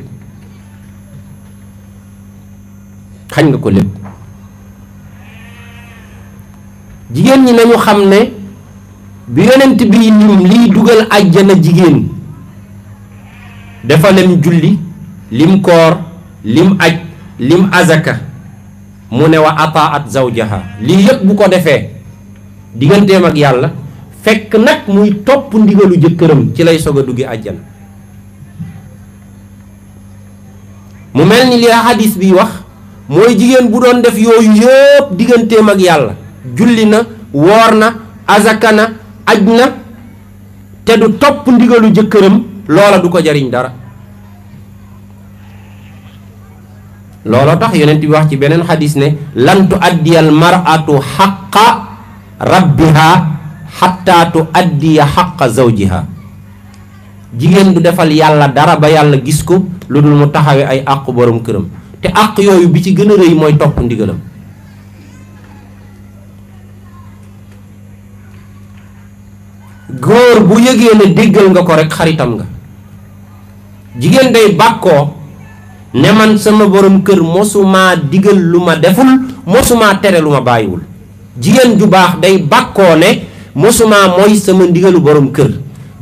xañ nga ko lépp jigen ñi nañu xamne bi yonent bi lim li dugal aljana jigen defa len julli lim kor, lim aj lim azaka mu wa ataat zawjaha li yeb bu ko defé digganteem ak yalla fekk nak muy top ndigalu jëkkëram ci lay soga a duggi mu melni ni li hadith bi wax moy jigen bu doon def yoyu yeb ak yalla jullina na azakana ajna pun te du top ndigalu jeukeram lola du ko jariñ dara looloo tax yonenti wax ci benen hadith ne lan tu addiyal mar'atu xaqa rabbiha hatta tu addiya xaqa zawjiha jigen du defal yalla dara ba yalla gis ko lu dul mu taxawé ay borom te àq yoyu bi ci gëna reuy moy top ndigalam góor bu yëgee ne déggal nga ko rek xaritam nga jigéen day bàkkoo ne man sama borom kër mosumaa digal lu ma deful mosumaa tere lu ma bàyyiwul jigéen ju baax day bàkkoo ne mosumaa mooy sama ndigalu borom kër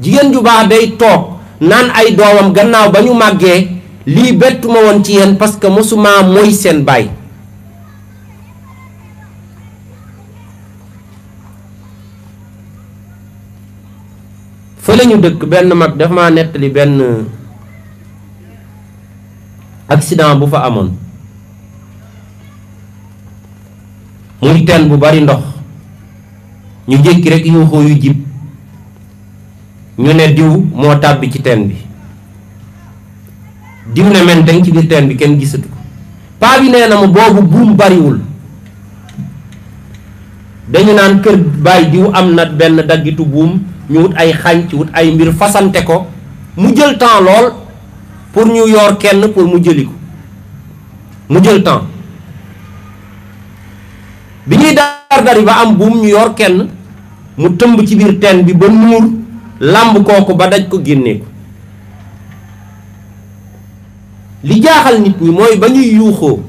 jigéen ju baax day toog naan ay doomam gannaaw ba ñu màggee lii bettuma woon ci yéen parce que mosumaa mooy seen baay fële ñu dëkk benn mag dafa ma nettali benn accident bu fa amoon muy teen bu bari ndox ñu jékki rek yuuxoo yu jib ñu ne diw moo tàbbi ci teen bi diw ne menteng ci biir teen bi kenn gisatu ko paa bi nee na mu boobu buum bariwul dañu naan kër baay diw am na benn daggitu buum ñu wut ay xañ wut ay mbir fasante ko mu jël temps lool pour ñu yoor kenn pour mu jëli ko mu jël temps bi ñuy daar dari ba am buum ñu yor kenn mu tëmb ci biir teen bi ba nuur làmb kooku ba daj ko génnee ko li jaaxal nit ñi mooy ba ñuy yuuxoo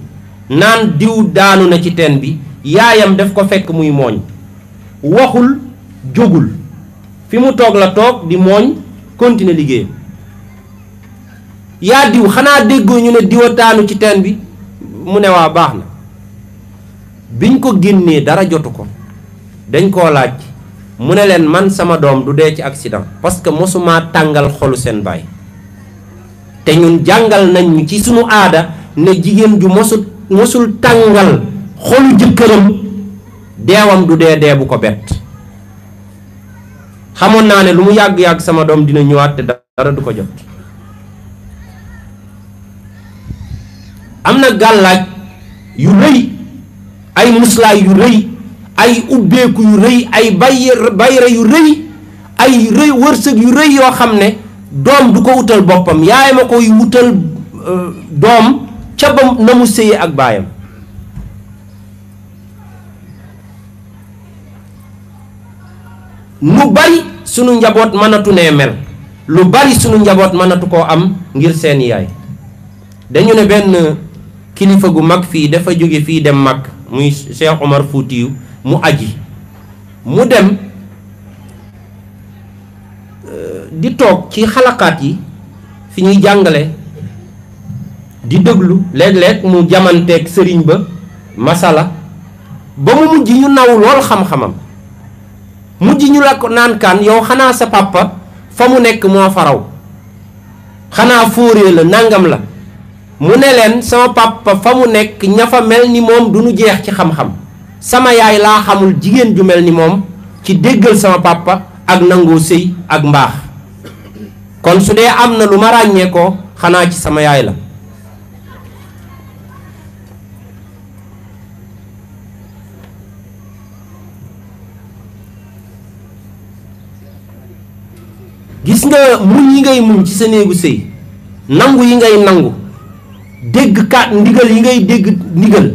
naan diw daanu na ci teen bi yaayam def ko fekk muy mooñ waxul jógul fi mu toog la toog di mooñ continuer liggéey yaa diw xanaa déggoo ñu ne diwa ci teen bi mu ne waa baax na biñ ko génnee dara jotu ko dañ koo laaj mu ne leen man sama doom du dee ci accident parce que mosuma tàngal xolu seen baay te ñun jàngal nañ ci sunu aada ne jigéen ju mosul mosul tàngal xolu jëkkëram deewam du dee dee bu ko bett xamoon naa ne lu mu yàgg-yàgg sama doom dina ñëwaat te dara du ko jot am na gàllaaj yu rëy ay muslaay yu rëy ay ubbeeku yu rëy ay bay bayre yu rëy ay wërsëg yu rëy yoo xam ne doom du ko wutal boppam yaay ma koy wutal euh, doom ca ba na mu séyee ak baayam lu bari sunu njabot manatu ne mel lu bari sunu njabot manatu ko am ngir seen yaay dañu ne ben kilifa gu mag fi dafa joge fi dem mag muy Cheikh Omar foutiou mu aji mu dem euh, di tok ci khalaqat yi fi ñuy jangalé di deglu leg leg mu ak serigne ba masala ba mu mujj ñu naw lol xam-xamam mujj ñu la ko yow xanaa sa papa fa mu nekk moo faraw xanaa fóoree la nangam la mu ne leen sama papa fa mu nekk ña fa mel ni moom du ñu jeex ci xam-xam sama yaay laa xamul jigéen ju mel ni moom ci déggal sama papa ak nangoo sëy ak mbaax kon su dee am na lu ma ràññeekoo xanaa ci sama yaay la gis nga muñ yi ngay muñ ci sa néegu sëy nangu yi ngay nangu dégg kat ndigal yi ngay dégg ndigal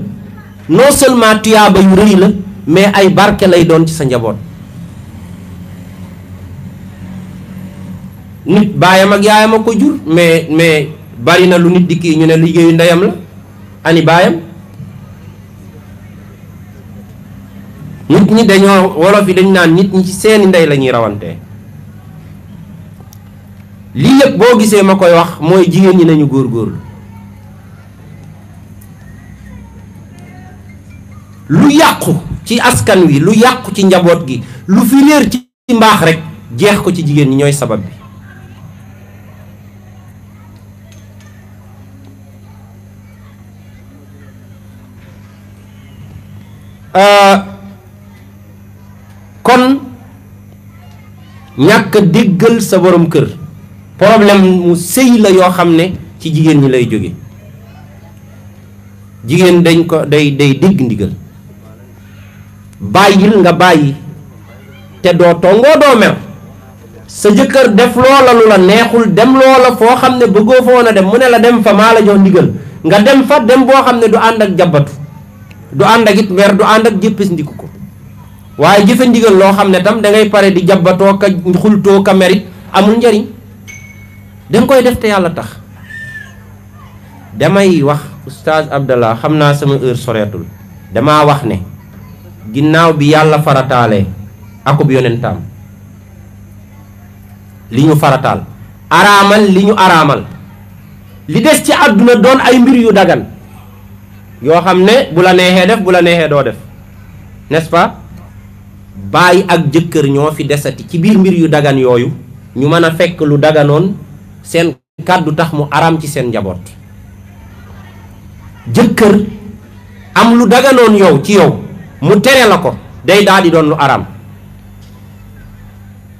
non seulement tuyaaba yu rëy la mais ay barke lay doon ci sa njaboot nit baayam ak yaayam a ko jur mais mais bari na lu nit di kii ñu ne liggéeyu ndeyam la ani baayam nit ñi dañoo wolof yi dañ naan nit ñi ci seeni ndey lañuy rawantee lii yëpp boo gisee ma koy wax mooy jigéen ñi nañu góor góorgóorlu lu yàqu ci askan wi lu yàqu ci njaboot gi lu fi réer ci mbaax rek jeex ko ci jigéen ñi ñooy sabab bi euh, kon ñàkk déggal sa borom kër problème mu sey la yo xamne ne ci jigen ñi lay joggé jigen dañ ko day day dégg ndigal bayil nga bàyyi te doo tongoo do mer sa jëkër def loola lu la neexul dem loola foo xam ne fo foona dem mu ne la dem fa mala jox ndigal nga dem fa dem bo xamne ne du and ak jabatu du and ak it mer du and ak jëppis ndiku ko waye jëfë ndigal lo xamne tam da ngay pare di jabatoo ka xulto ka merit amul njariñ danga koy def te yàlla tax damay wax oustaz Abdallah xam naa sama heure soreetul dama wax ne ginnaaw bi yàlla farataalee akub yonentaam li ñu farataal araamal li ñu araamal li des ci àdduna doon ay mbir yu dagan yoo xam ne bu la neexee def bu la neexee doo def nest bàyyi ak jëkkër ñoo fi desati ci biir mbir yu dagan yooyu ñu mën a fekk lu daganoon Sen kaddu tax mu aram ci sen njabot jeuker am lu daganon yow ci yow mu téré lako day daldi di lu aram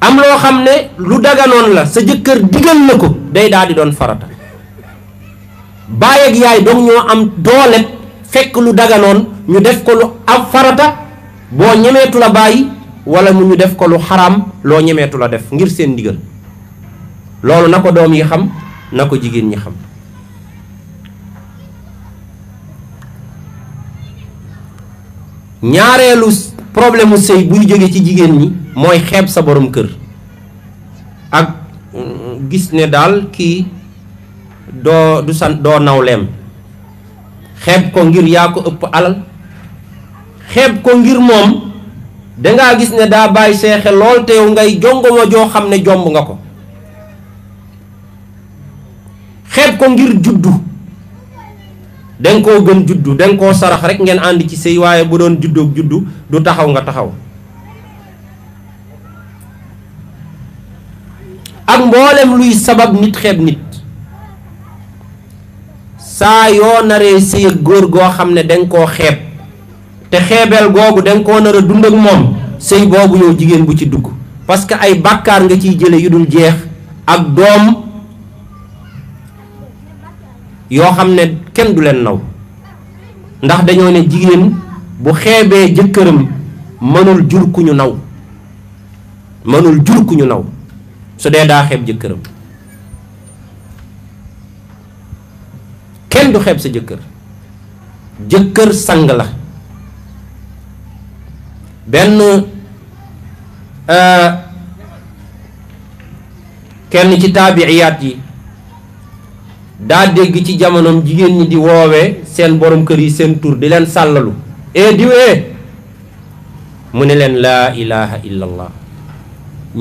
am lo xam lu daganon la sa jeuker digel la day daldi di farata baye ak yaay dong ñoo am doole fekk lu daganon ñu def ko lu ab farata bo ñemetu la bàyyi wala mu ñu def ko lu haram lo ñemetu la def ngir sen digel. loolu na ko doom yi xam na ko jigéen ñi xam ñaareelu problème mu sëy buy jóge ci jigéen ñi mooy xeeb sa boroom kër ak mm, gis ne daal kii doo du san doo nawleem xeeb ko ngir yaa ko ëpp alal xeeb ko ngir moom dangaa gis ne daa bàyyi seexe lool te yow ngay jongo joo xam ne jomb nga ko xeb ko ngir juddu deng ko gën juddu deng ko sarax rek ngeen and ci sey waye bu doon juddoog juddu du taxaw nga taxaw ak mboolem luy sabab nit xeb nit sa yo naree gur ak góor goo deng ko danga te xebel gogu danga ko nar a dund ak mom sey bobu yow jigen bu ci dugg parce que ay bakkar nga ci jele yudul jeex ak dom yoo xam ne kenn du leen naw ndax dañoo ne jigéen bu xeebee jëkkëram mënul jur ku ñu naw mënul jur ku ñu naw su dee daa xeeb jëkkëram kenn du xeeb sa jëkkër jëkkër sang la benn euh, kenn ci taabiiyaat yi daa dégg ci jamonoom jigéen ñi di woowee seen borom kër yi seen tur di leen sàllalu ee eh, diwee eh. mu ne leen laa ilaha illallah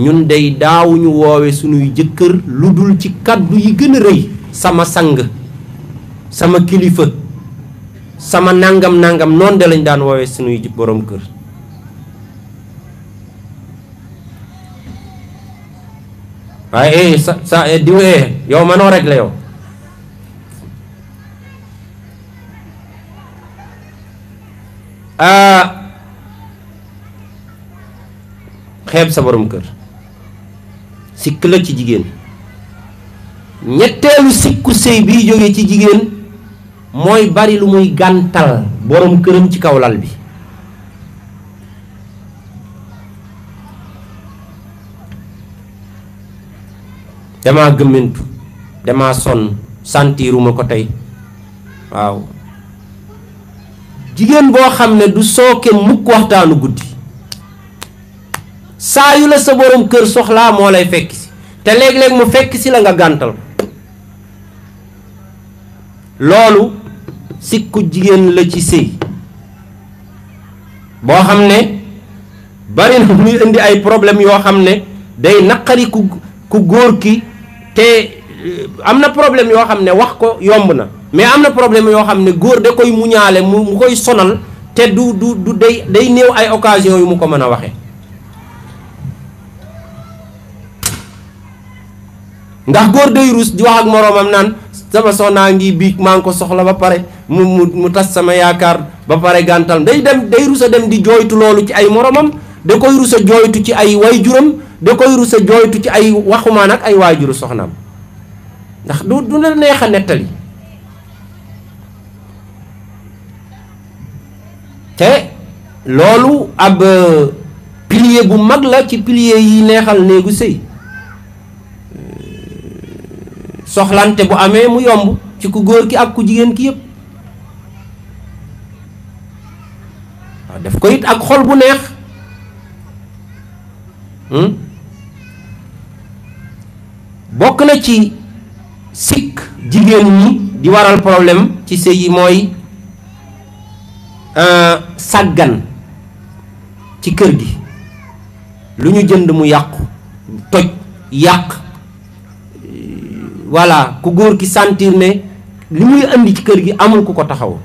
ñun day daawuñu woowe sunuy jëkkër lu dul ci kàddu yi gën a rëy sama sang sama kilifa sama nangam nangam noonu de lañ daan woowe sunuy borom kër waaye eh, sa sa diwee yow manoo rek la yow Ah. xeeb sa boroom kër sikk la ci jigéen ñetteelu sikku sëy biy jóge ci jigéen mooy bari lu muy gàntal borom këram ci kaw lal bi damaa gëmmentu damaa sonn santiiruma ko tey waaw jigéen boo xam ne du sooke mukk waxtaanu guddi saa yu la sa borom kër soxlaa moo lay fekk te léeg-léeg mu fekk si la nga gàntal loolu sikku jigéen la ci sëy boo xam ne bari na muy indi ay problème yoo xam ne day naqari ku ku góor ki te euh, am na problème yoo xam ne wax ko yomb na mais am na problème yoo xam ne góor da koy muñaale mu mu koy sonal te du du du day day néew ay occasion yu mu ko mën a waxee ndax góor day rus di wax ak moroomam naan sama soxnaa ngi biig maa ngi ko soxla ba pare mu mu tas sama yaakaar ba pare gàntal day dem day rus a dem di jooytu loolu ci ay moroomam da koy rus a jooytu ci ay waajuram da koy rus a jooytu ci ay waxumaan ak ay waajuru soxnaam ndax du du la neex a nettali te loolu ab euh, pilier bu mag la ci pilier yi neexal néegu sëy euh, soxlante bu amee mu yomb ci ku góor ki ak ku jigéen ki yëpp waaw def ko it ak xol bu neex hmm? bokk na ci sikk jigéen ñi di waral problème ci sëy yi mooy Eh, Sagan ci kër gi lu ñu jënd mu yàqu toj yàq voilà ku góor ki sentir ne li andi ci kër gi amul ku ko taxaw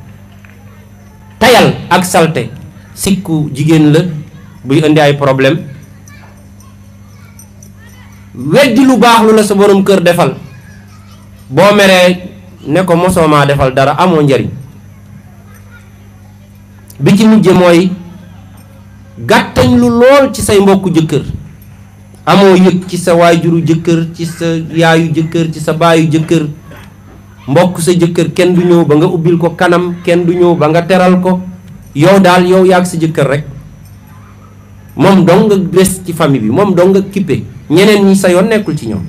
tayal ak salte sikku jigéen la buy andi ay problème weddi lu baax lu la sa borom kër defal boo meree ne ko mosoo defal dara amoo njariñ bi ci mujjé moy gàttañ lu lol ci say mbokk jëkkeur amo yëk ci sa wajuru jëkkeur ci sa yaayu jëkkeur ci sa baayu jëkkeur mbokk sa jëkkeur kenn du ñëw ba nga ubbil ko kanam kenn du ñëw ba nga teral ko yow dal yow yaak sa jëkkeur rek mom dong nga des ci famille bi mom dong nga kippé ñeneen ñi sa yoon nekkul ci ñoom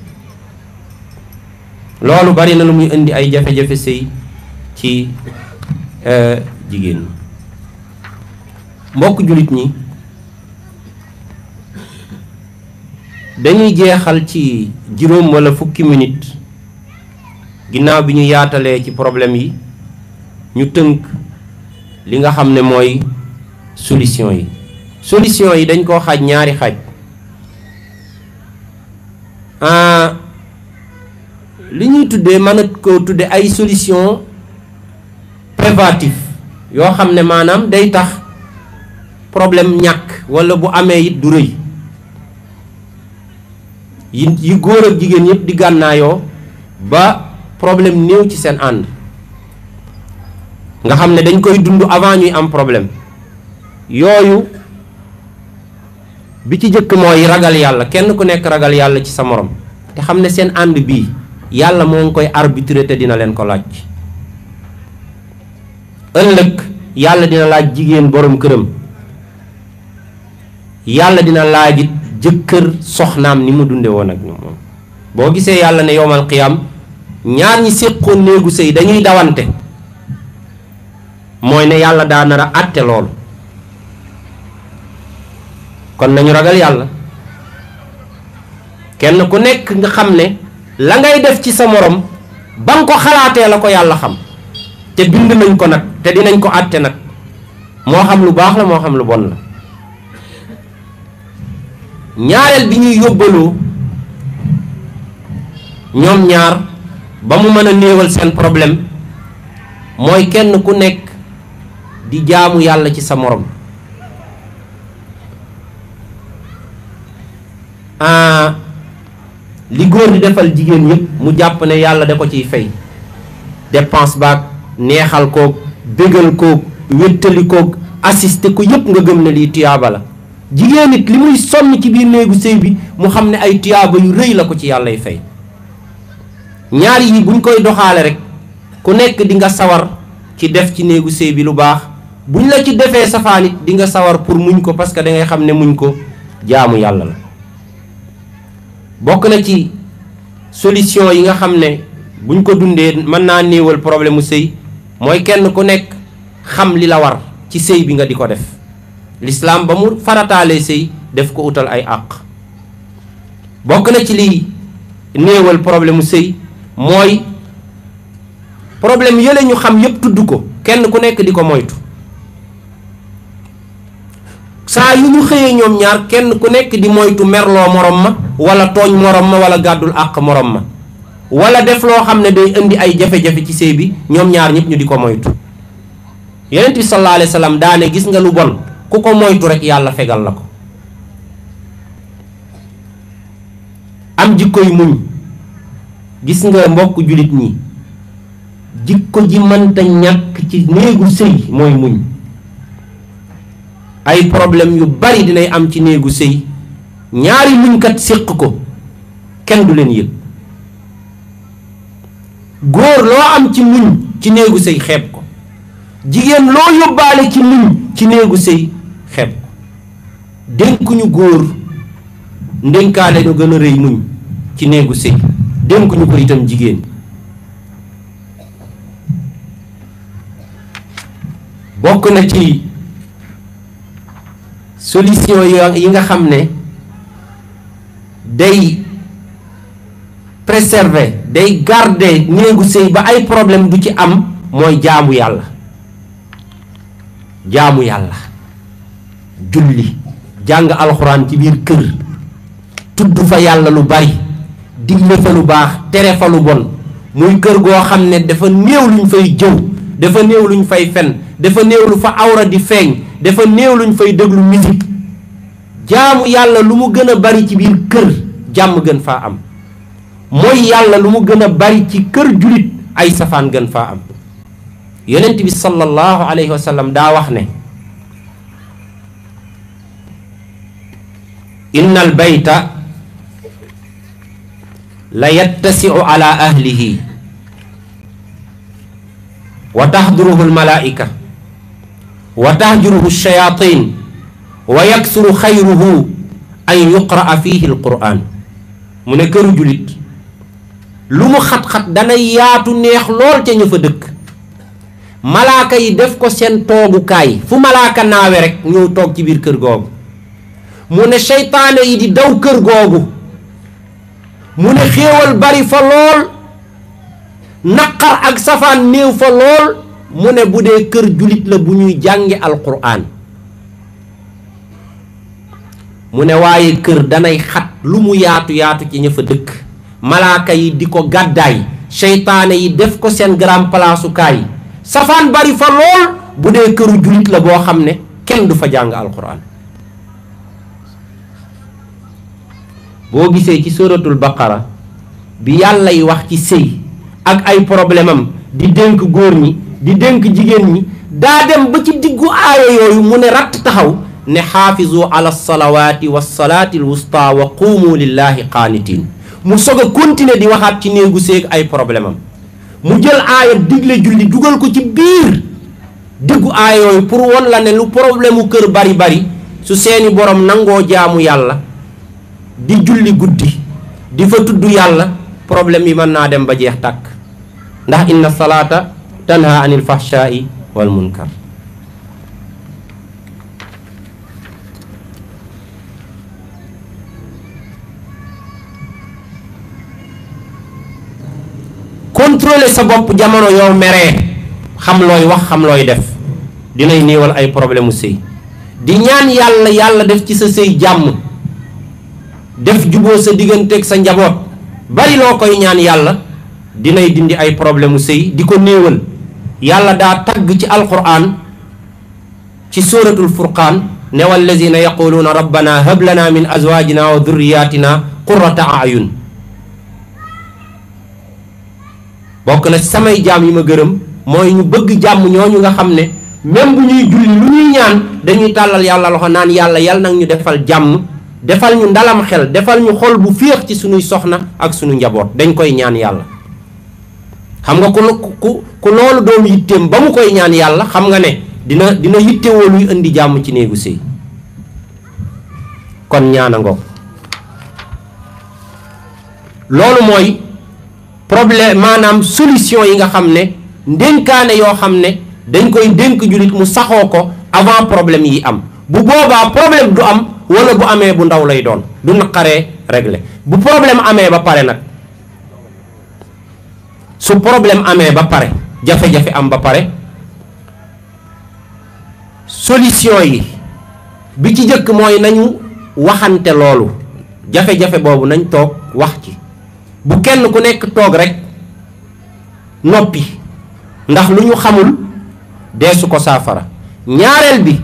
lolu bari na lu muy indi ay jafé jafé sey ci euh, jigéen mbokk jullit ñi dañuy jeexal ci juróom wala fukki minute ginnaaw bi ñu yaatalee ci problème yi ñu tënk li nga xam ne mooy solution yi solution yi dañ koo xaaj ñaari xaaj ah, li ñuy tuddee mën na koo tudde ay solution préventive yoo xam ne maanaam day tax problème ñàkk wala bu amee it du rëy yi yi góor ak jigéen yëpp di gànnaayoo ba problème néew ci seen ànd nga xam ne dañ koy dund avant ñuy am problème yooyu bi ci jëkk mooy ragal yàlla kenn ku nekk ragal yàlla ci sa morom te xam ne seen ànd bii yàlla moo ngi koy arbitrer te dina leen ko laaj ëllëg yàlla dina laaj jigéen borom këram yàlla dina laajit jëkkër soxnaam ni mu dunde woon ak moom boo gisee yàlla ne yowmal qiyam ñaar ñi séqoon néegu sëy dañuy dawante mooy ne yàlla daa nar a àtte loolu kon nañu ragal yàlla kenn ku nekk nga xam ne la ngay def ci sa morom ba nga ko xalaatee la ko yàlla xam te bind nañ ko nag te dinañ ko àtte nag moo xam lu baax la moo xam lu bon la ñaareel bi ñuy yóbbaloo ñoom ñaar ba mu mën a néewal seen problème mooy kenn ku nekk di jaamu yàlla ci sa morom ah, li góor di defal jigéen yëpp mu jàpp ne yàlla da ko ciy fay dépense baag neexal koog bégal koog wéttali koog assisté ko yëpp nga gëm ne lii tuyaaba jigéen nit li muy sonn ci biir néegu sëy bi mu xam ne ay tiyaaba yu rëy la ko ci yàllay fay ñaar yi buñ koy doxaale rek ku nekk di nga sawar ci def ci néegu sëy bi lu baax buñ la ci defee safaan it di nga sawar pour muñ ko parce que da ngay xam ne muñ ko jaamu yàlla la bokk na ci solution yi nga xam ne buñ ko dundee mën naa néewal problème sëy kenn ku nekk xam li la war ci sëy bi nga di def lislaam ba mu farataalee sëy def ko utal ay àq bokk na ci liy néewal problème mu sëy mooy problème yële ñu xam yépp tudd ko kenn ku nekk di ko moytu saa yu ñu xëyee ñoom ñaar kenn ku nekk di moytu merloo moroom ma wala tooñ morom ma wala gàddul àq moroom ma wala def loo xam ne day indi ay jafe-jafe ci sëy bi ñoom ñaar ñëpp ñu di ko moytu yonent bi sallallahu alayhi wa daane gis nga lu bon ku ko moytu rek yàlla fegal la ko am jikko yu muñ gis nga mbokk jullit ñi jikko ji mënta ñàkk ci néegu sëy mooy muñ ay problème yu bari dinay am ci néegu sëy ñaari muñkat séq ko kenn du leen yëg góor loo am ci muñ ci néegu sëy xeeb ko jigéen loo yóbbaale ci muñ ci néegu sëy xeeb ko dénkuñu góor ndénkaane lu gën a rëy muñ ci néegu sëy dénkuñu ko itam jigéen bokk na ci solution yi nga xam ne day préserver day garder néegu sëy ba ay problème du ci am mooy jaamu yàlla jaamu yàlla julli jàng alxuraan ci biir kër tudd fa yàlla lu bari digle fa lu baax tere fa lu bon muy kër goo xam ne dafa néew luñ fay jëw dafa néew lu luñ fay fen dafa néew lu fa awra di feeñ dafa néew luñ fay dëgg musique jaamu yàlla lu mu gën a bari ci biir kër jàmm gën faa am mooy yàlla lu mu gën a bari ci kër julit ay safaan gën faa am yonent bi sallallahu alayhi wa daa wax ne إن البيت لا يتسع على أهله وتحضره الملائكة وتهجره الشياطين ويكسر خيره أن يقرأ فيه القرآن منكر جلد لم خط خط دنيات نيخلول تنفدك ملاكي دفكو سين توبو كاي فو ملاكا ناوي رك نيو توب تبير كرغوغو mune ne yi di daw kër googu mune xéewal bari fa lool naqar ak safaan néew fa lool mune bu dee kër julit la bu ñuy jànge alquran mune ne waaye kër danay xat lu mu yaatu yaatu ci ña fa dëkk malaaka yi di ko gàddaay yi def ko seen grand safaan bari fa lool bu dee këru julit la boo xam kenn du fa jàng alquran boo gisee ci suratul baqara bi yàlla yi wax ci sëy ak ay problème am di dënk góor ñi di dënk jigéen ñi daa dem ba ci diggu aaya yooyu mu ne ratt taxaw ne xaafizu ala salawaati wa salaati al wusta wa quumu lillahi qaanitin mu sog a continuer di waxaat ci néegu séeg ay problème am mu jël aaya digle julli dugal ko ci biir diggu aaya yooyu pour won la ne lu problème mu kër bari bari su seeni borom nangoo jaamu yàlla di julli guddi di fa tuddu yalla problème yi man na dem ba jeex tak ndax inna salata tanha anil fahshai wal munkar contrôler sa bop jamono yo meree xam loy wax xam loy def dinay néewal ay problème sey di ñaan yalla yalla def ci sa sëy def juboo sa digganteeg sa njaboot bari loo koy ñaan yàlla dinay dindi ay problème u sëy di ko néewal yàlla daa tagg ci alquran ci suratul furqaan ne wallazina yaquluuna rabbana hab lana min azwajina wa durriyatina qurrata ayun bokk na samay jaam yi ma gërëm mooy ñu bëgg jàmm ñooñu nga xam ne même bu ñuy julli lu ñuy ñaan dañuy tàllal yàlla loxo naan yàlla yàlla nag ñu defal jàmm defal ñu ndalam xel defal ñu xol bu fiix ci suñuy soxna ak suñu njaboot dañ koy ñaan yàlla xam nga ku ku ku loolu doon yitteem ba mu koy ñaan yàlla xam nga ne dina dina wo luy indi jàmm ci néegu sëy kon ñaana ngoog loolu mooy problème maanaam solution yi nga xam ne yo yoo xam ne dañ koy dénk julit mu saxoo ko avant problème yi am bu boobaa problème du am wala bu amé bu ndaw lay doon du nakaré régler bu problème amé ba pare nak su problème amé ba pare jafe-jafe am ba pare solution yi bi ci jëk moy nañu waxanté loolu jafe-jafe bobu nañ tok wax ci bu kenn ku nekk tok rek nopi ndax luñu xamul deesu ko safara ñaarel bi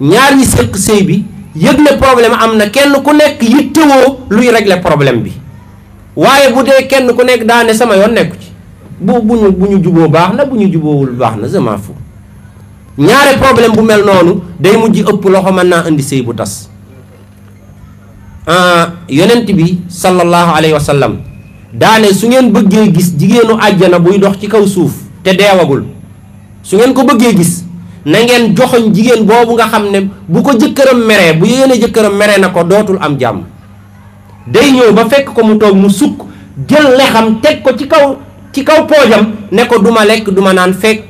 ñaar ñi sekk sey bi yëg ne problème am na kenn ku nekk yittewoo luy régler problème bi waaye bu dee kenn ku nekk daane sama yoon nekku ci bu bu ñu bu ñu juboo baax na bu ñu juboowul baax na je m'en ñaare problème bu mel noonu day mujj ëpp loxo mën naa indi sëy bu tas ah, yonent bi sallallahu alayhi wa sallam daane su ngeen bëggee gis jigéenu àjjana buy dox ci kaw suuf te deewagul su ngeen ko bëggee gis na ngeen joxoñ jigéen boobu nga xam ne bu ko jëkkëram meree bu yéene jëkkëram meree na ko dootul am jàmm day ñëw ba fekk ko mu toog mu sukk jël lexam teg ko ci kaw ci kaw poojam ne ko duma lekk duma naan fekk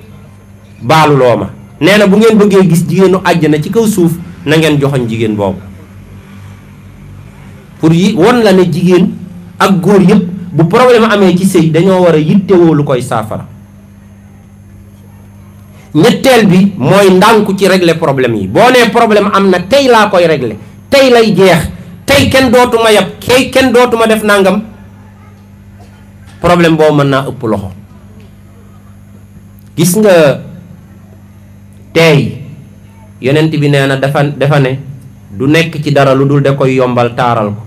baaluloo ma nee na bu ngeen bëggee gis jigéenu àjjana ci kaw suuf nangeen joxoñ jigéen boobu pour yi won la ne jigéen ak góor yëpp bu problème amee ci sëy dañoo war a yittewoo lu koy saafara ñetteel bi mooy ndànku ci régler problème yi boo nee problème am na tey laa koy régle tey lay jeex tey kenn dootuma yab tey kenn dootuma def nangam problème boo mën naa ëpp loxo gis nga tey yenent bi nee na dafa dafa ne du nekk ci dara lu dul da koy yombal taaral ko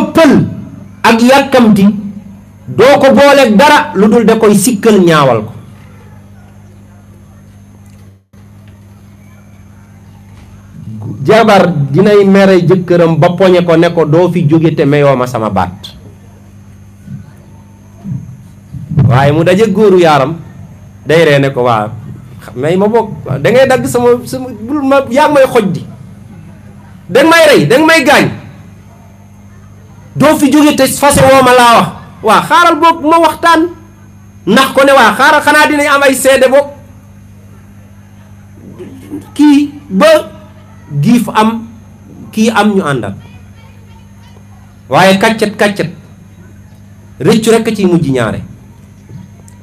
ëppal ak yàkkamti doo ko booleeg dara lu dul da koy sikkal ñaawal ko jabar dinay mere jëkkëram ba poñe ko ne ko do fi jóge te mayo ma sama bat. waye mu dajé góoru yaram day ree ko wa may ma bok da ngay dag sama sama bul ma yaa may xoj di da may rey da may gañ do fi jóge te fase wo ma la wax wa xaaral bok ma waxtaan ndax ko ne wa xaaral xana dinay am ay seede bok ki ba gif am ki am ñu andal waye kàccet kàccet rëccu rek ci mujj ñaare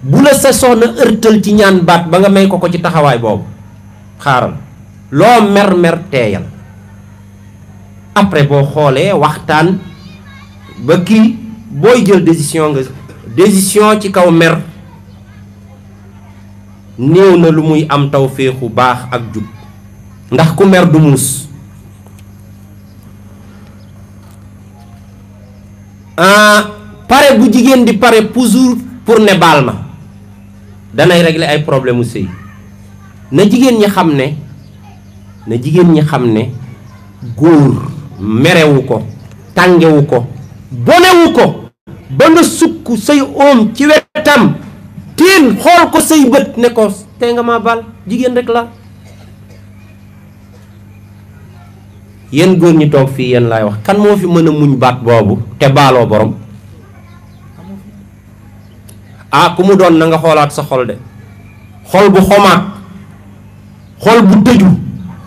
bu la sa soxna ërtal ci ñaan baat ba nga may ko ko ci taxaway boobu xaaral lo mer mer teyal après bo xolé waxtaan ba ki boy jël décision nga décision ci kaw mer néew na lu muy am tawféexu baax ak ndax ku mer du muus ah, pare bu jigéen di pare toujours pour ne baal ma danay régler ay problème u sëy na jigéen ñi xam ne na jigéen ñi xam ne góor merewu ko tàngewu ko bonewu ko ba nga sukk say oom ci wetam tiin xool ko say bët ne ko tey nga ma baal jigéen rek la yéen góor ñi toog fii yéen laay wax kan moo fi mën a muñ baat boobu te baaloo borom ah ku mu doon na nga xoolaat sa xol de xol bu xomaat xol bu tëju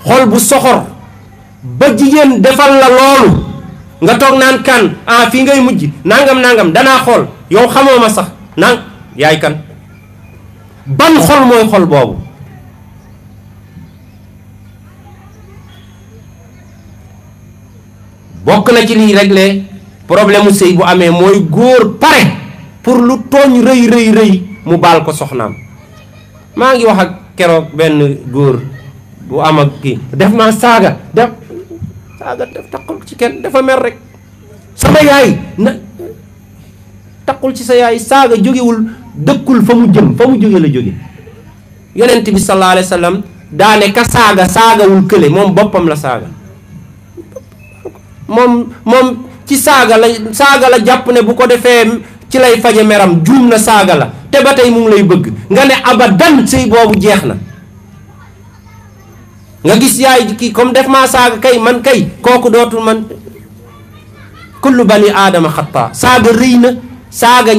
xol bu soxor ba jigéen defal la loolu nga toog naan kan ah fii ngay mujj nangam nangam danaa xool yow xamoo ma sax nang yaay kan ban xol mooy xol boobu bokk na ci liy réglé problème mu sëy bu amee mooy góor pare pour lu tooñ rëy rëy rëy mu baal ko soxnaam maa ngi wax ak keroog benn góor bu am ak kii def ma saaga def saaga def taqul ci dafa mer rek sama yaay ci sa yaay saaga jógewul dëkkul fa mu jëm fa mu jóge la jóge yonent bi sallallahu alayhi wa sallam daane ka saaga saagawul kële moom boppam la saaga mom mom ci saga la saga la japp ne bu ko defé ci lay faje meram jumna na saga la te batay tey mu lay bëgg nga ne abadan sey bobu jeexna nga gis yaay ki comme def ma saga kay man kay koku dotul man kullu bani aadama khata saga reyna na saaga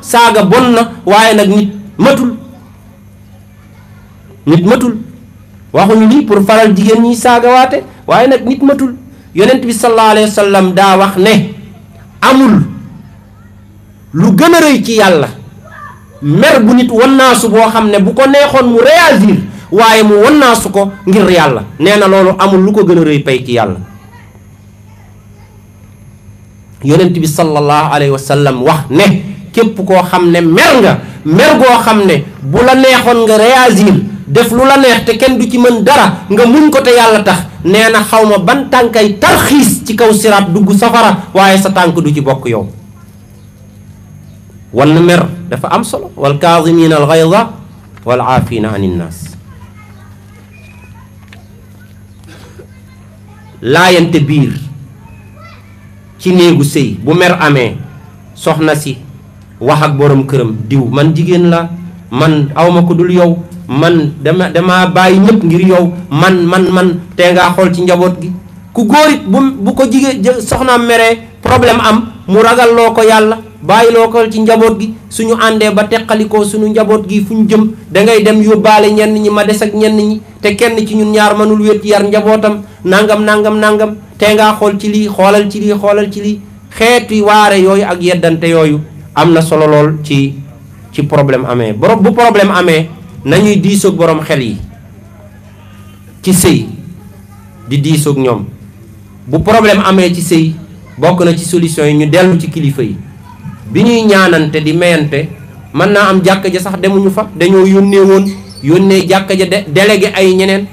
saga na waye nak nit matul nit matul waxuñu lii pour faral jigéen ñi saga waté waye nak nit matul yonent bi sallallahu alayhi wa daa wax ne amul lu gën a rëy ci yàlla mer bu nit wannaasu boo xam ne bu ko neexoon mu réagir waaye mu wannaasu ko ngir yàlla nee na loolu amul lu ko gën a rëy pay ci yàlla yonent bi sallallahu alayhi wa sallam wax ne képp koo xam ne mer nga mer goo xam ne bu la neexoon nga réagir def lu la neex te kenn du ci mën dara nga muñ ko te yàlla tax nee na xaw ma ban tànkay tarxiis ci kaw siraat dugg safara waaye sa tànk du ci bokk yow na mer dafa am solo wal kaazimina al gayda wal aafina an innaas laayante biir ci néegu sëy bu mer amee soxna si wax ak borom këram diw man jigéen la man awma ko dul yow man dama dama bàyyi ñëpp ngir yow man man man tee nga xool ci njaboot gi ku góorit bu bu ko jigéen soxnaam mere problème am mu ragal loo ko yàlla bàyyi loo ko ci njaboot gi suñu àndee ba teqalikoo suñu njaboot gi fu ñu jëm da ngay dem yóbbaale ñenn ñi ma des ak ñenn ñi te kenn ci ñun ñaar mënul wét yar njabootam nangam nangam nangam tee ngaa xool ci lii xoolal ci lii xoolal ci lii xeeti waare yooyu ak yeddante yooyu am na solo lool ci ci problème amee bu problème amee nañuy diisoog borom xel yi ci sey di ñom bu problème amé ci sey bokk na ci solution yi ñu delu ci kilifa yi bi ñuy ñaanante di mayante man na am jakk ja sax ñu fa dañoo yonne won yonne jakk ja délégué ay ñeneen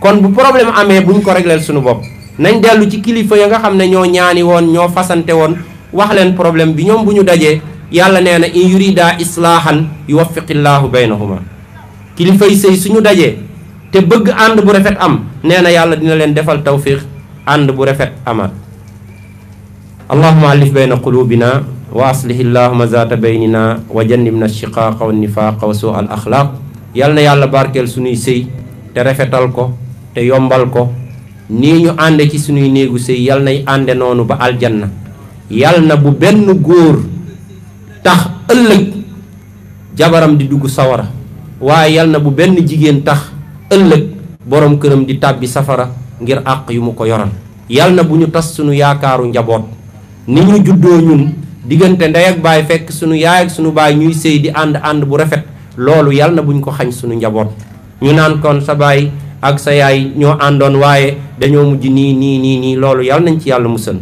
kon bu problème amé buñ ko régleel suñu bop nañ delu ci kilifa ya nga xamné ne ñoo ñaani won ñoo fasante won, wax leen problème bi ñom buñu dajé yalla yàlla in yurida islahan yuwaffiqillahu bainahuma kilifay sëy suñu dajee te bëgg ànd bu rafet am nee na yàlla dina leen defal tawfiq ànd bu rafet amaat allahuma allif bayna qulubina wa aslih allahuma zaata baynina wa jannibna shiqaaqa wa nifaaqa wa suu al axlaaq yal na yàlla barkeel suñuy sëy te rafetal ko te yombal ko ni ñu ànde ci suñuy néegu sëy yal nay ànde noonu ba aljanna yal na bu benn góor tax ëllëg jabaram di dugg sawara waaye yal na bu benn jigéen tax ëllëg borom këram di tàbbi safara ngir àq yu mu ko yoral yal na bu ñu tas sunu yaakaaru njaboot ni ñu juddoo ñun diggante ndey ak baay fekk sunu yaay ak sunu baay ñuy sëy di ànd ànd bu rafet loolu yal na buñ ko xañ sunu njaboot ñu naan kon sa baay ak sa yaay ñoo àndoon waaye dañoo mujj nii nii nii nii loolu yal nañ ci yàlla musal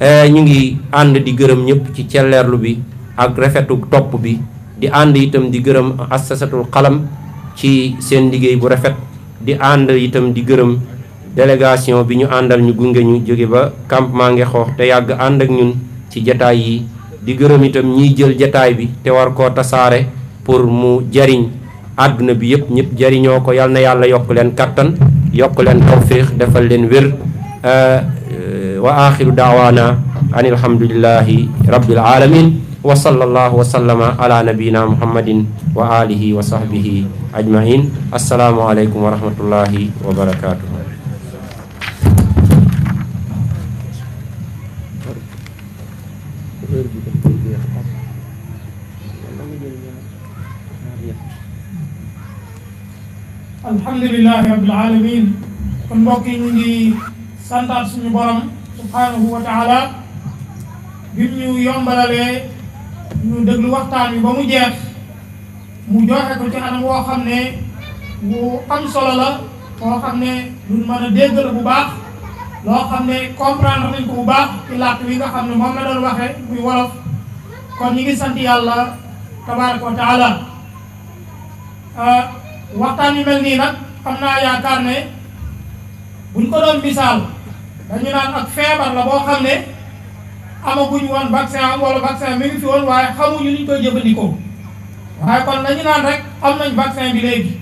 eh, ñu ngi ànd di gërëm ñëpp ci celleerlu bi ak rafetu topp bi di ande itam di gërëm assasatul xalam ci seen liggéey bu rafet di ande itam di gërëm délégation bi ñu àndal ñu gunge ñu jóge ba campement nga xoox te yàgg ànd ak ñun ci jataay yi di gërëm itam ñiy jël jataay bi te war koo tasaare pour mu jariñ àdduna bi yëpp ñëpp jariñoo ko yal na yàlla yokk leen kattan yokk leen tawfiq defal leen wér wa axiru daawaana an alhamdulillahi rabbil alamin وصلى الله وسلم على نبينا محمد وآله وصحبه أجمعين السلام عليكم ورحمة الله وبركاته الحمد لله رب العالمين كن بوكي نيغي سانتات سونو بوروم سبحانه وتعالى بيم نيو يومبالالي ñu déglu waxtaan wi ba mu jeex mu joxe ko ci anam woo xam ne bu am solo la koo xam ne luñ mën a dégg bu baax loo xam ne comprendre nañ ko bu baax ci làkk wi nga xam ne moom la doon waxe muy wolof kon ñi ngi sant yàlla tabaraka wa taala euh, waxtaan yu mel nii nag xam naa yaakaar ne buñ ko doon misaal dañu naan ak feebar la boo xam ne amaguñu woon vaccin am wala vaccin mi ngi fi woon waaye xamuñu ni ñu koy jëfandikoo waaye kon nañu naan rek am nañ vaccin bi léegi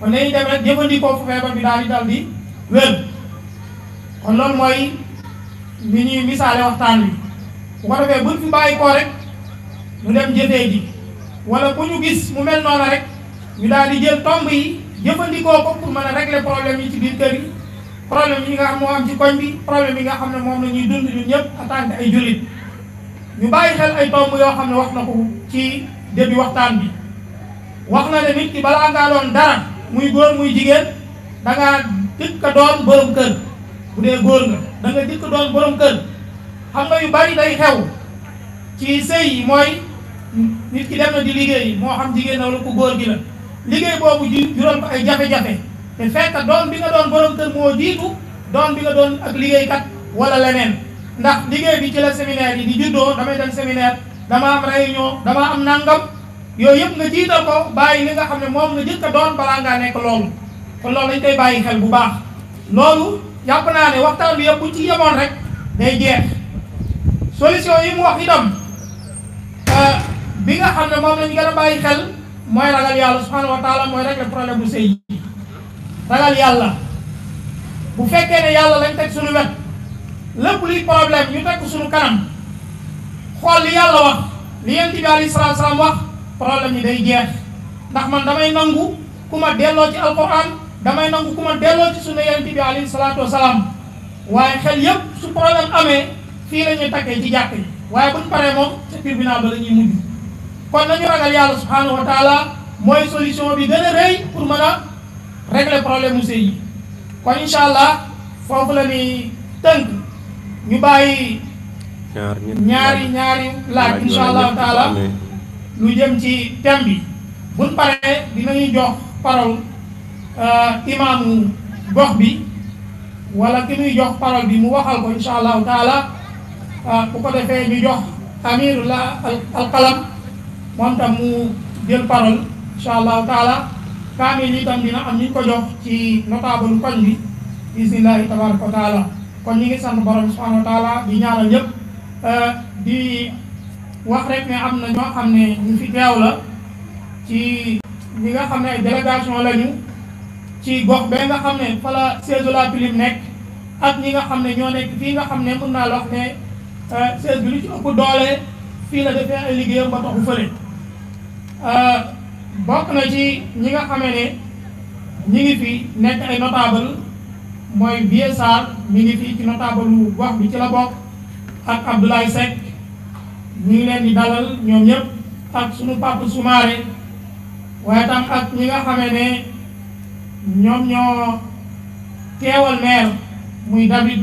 kon nañu dem rek jëfandikoo fu feebar bi daal di dal di wér kon loolu mooy bi ñuy misaale waxtaan wi bu ko defee buñ bàyyi koo rek mu dem jëfee ji wala bu ñu gis mu mel noonu rek ñu daal di jël tomb yi jëfandikoo ko pour mën a régler problème yi ci biir kër yi problème yi nga xam mo am ci koñ bi problème yi nga xam ne moom la dund ñun ñëpp en ay jullit ñu bayyi xel ay tomb yo xam ne wax nako ci debi waxtaan bi wax na ne nit ki bala nga doon dara muy goor muy jigen da dik ka doon borom keur bu de goor nga da nga dik doon borom keur xam nga yu bari day xew ci sey moy nit ki dem na di liggey mo xam jigen na wala ko goor gi la liggey bobu jural ay jafé jafé te fekk doom bi nga doon borom kër moo jiitu doom bi nga doon ak liggéeykat wala leneen ndax liggéey bi ci la séminaire yi di juddoo damay dem séminaire dama am réunion dama am nangam yooyu yëpp nga jiital ko bàyyi li nga xam ne moom nga jëkk a doon balaa ngaa nekk loolu kon loolu dañ koy bàyyi xel bu baax loolu jàpp naa ne waxtaan bi yëpp ci yemoon rek day jeex solution yi mu wax itam euh, bi nga xam ne moom lañu gën a bàyyi xel mooy ragal yàlla subhanahu wa taala mooy rek le problème bu sëy ragal yalla bu fekke ne yalla lañ tek suñu wet lepp li problème ñu tek suñu kanam xol li yalla wax li yent bi alayhi wasallam wax problème yi day jeex ndax man damay nangu kuma delo ci alquran damay nangu kuma delo ci sunna yent bi alayhi salaatu wasalaam waaye xel yépp su problème amé fi lañu takké ci jakk yi waye buñ paré mom ci tribunal ba lañuy mujj kon lañu ragal yalla subhanahu wa taala moy solution bi gën reuy pour mën régler problème mu sëy kon incha allah foofu la ñuy tënk ñu bàyyi. ñaari ñaari laaj incha allahu taala lu jëm ci thème bi buñ paree dinañuy jox parole euh, imaamu gox bi wala ki muy jox parole bi mu waxal ko incha allahu taala euh, bu ko defee ñu jox amiru la alqalam moom tam mu jël parole incha allahu taala kaamil yi tam dina am ñu ko jox ci notable koñ bi bismillahi tabaraka wa taala kon ñu ngi sant borom subhanahu wa taala di ñaanal ñëpp euh, di wax rek ne am na ñoo xam ne ñu fi teew la ci ñi nga xam ne ay délégation lañu ci gox bee nga xam ne fa la siège de la nekk ak ñi nga xam ne ñoo nekk fii nga xam ne mën naa la wax ne euh, siège bi lu ci ëpp doole fii la defee ay liggéeyam ba taxu fële euh, bokk na ci ñi nga xamee ne ñi ngi fi nekk ay notable mooy Vieux Sarr mi ngi fi ci notable wu wax bi ci la bokk ak Abdoulaye Seck ñu ngi leen di dalal ñoom ñëpp ak sunu papa Soumaré waaye tam ak ñi nga xamee ne ñoom ñoo teewal maire muy David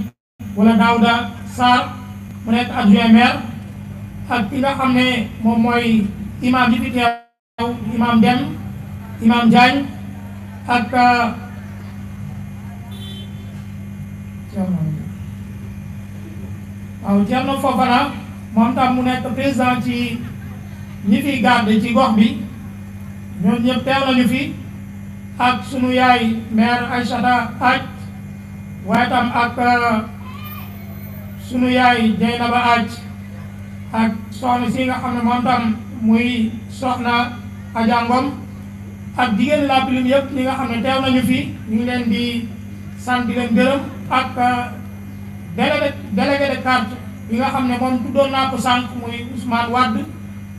wala Daouda Sarr mu nekk adjoint maire ak ki nga xam ne moom mooy imam bi fi teew imam Deme imam Diagne ak euh, waaw Thierno Fofana moom tam mu nekk président ci ñi fi garde ci gox bi ñoom ñëpp teew nañu fi ak sunu yaay maire Aïssata Aj waaye tam ak euh, sunu yaay Dieynaba Aj ak soxna si nga xam ne moom tam muy soxna aja ngom ak la laabilim yëpp ñi nga xamne ne nañu fi ñu leen di san di leen gërëm ak euh, délégué de carte bi nga xamne mom moom na ko sank muy Ousmane Wade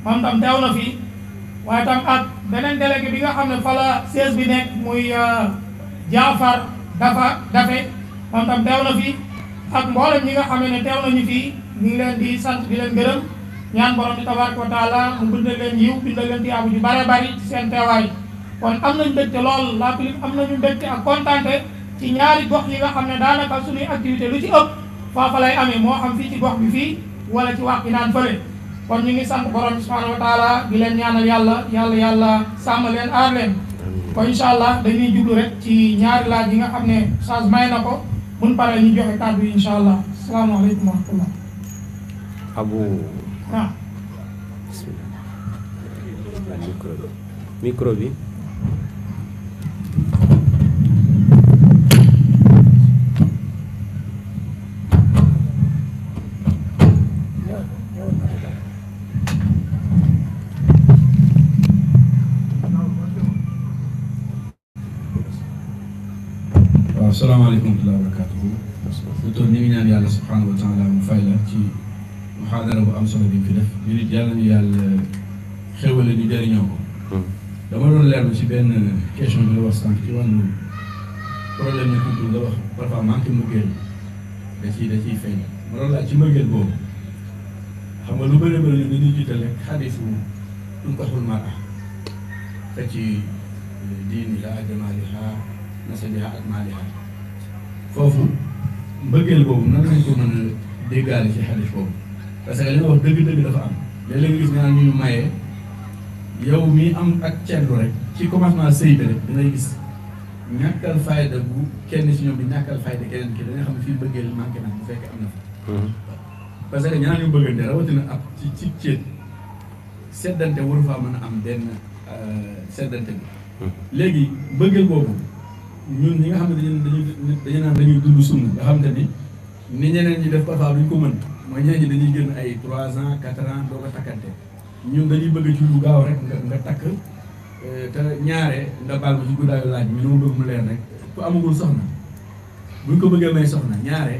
mom tam teew na fi waye tam ak benen délégué bi nga xamne ne fa la siège bi nek muy euh, Jaafar dafa dafe mom tam teew na fi ak mbolam ñi nga xamne ne nañu fi ñu leen di sant di leen gëreum ñaan borom bi tabaraka wa taala mu bindal leen yiw bindal leen tiyaabu ju bare bari ci seen kon am nañ mbégte lool la clip am nañu mbégte ak kontante ci ñaari gox yi nga xam ne daanaka suñuy activité lu ci ëpp lay xam ci gox bi wala ci wax naan kon ñu ngi sant borom subhanahu wa taala di leen ñaanal yàlla leen leen ko insha allah dañuy jublu rek ci ñaari laaj yi nga xam change may ñu joxe insha allah wa rahmatullah abu Ah. Microbi. Bismillah. Assalamu alaikum wa rahmatullahi wa barakatuh. Ó tó ní mí náà ní Allah subhanahu محاضرة وأم صلى بين كده من الجالن يال آه، خير ولا نداري نعمه لما نقول لهم شيء بين آه، كيشون اللي هو سانك تيوان نقول لهم نكون تقول له برفع مانك مجيل دشي دشي فين نقول له أجمع جيل بو هم لو بره بره من يجي تلك حديثه تنقصون معه فجي آه، دين لا جمالها نسبها أجمالها خوفه بجيل بو نحن نكون نقول دعالي في حديثه parce que li nga wax dëgg-dëgg dafa am léeg-léeg nga gis nga naan ñu maye yow mii am ak ceetlu rek ci commencement sëy bi rek dangay gis ñàkkal fayda bu kenn ci ñoom bi ñàkkal fayda keneen ki da nga xam ne fii bëggee manqué na bu fekk am na fa mhm. parce que ñaar yu bëggante rawatina ab ci ci ceet seddante waru faa mën a am benn euh, seddante bi mhm. léegi bëggeel boobu ñun ñi nga xam ne dañu dañu dañu naan dañuy dund sunn nga xam te ni ni ñeneen ñi def parfois duñ ko mën mooy ñeneen ñi dañuy génn ay trois ans quatre ans doo ko takkante ñun dañuy bëgg ci lu gaaw rek nga takk euh, te ñaare nga baal ma ci guddaayu laaj bi ñu bëgg mu leer rek ku ko bëggee may soxna ñaare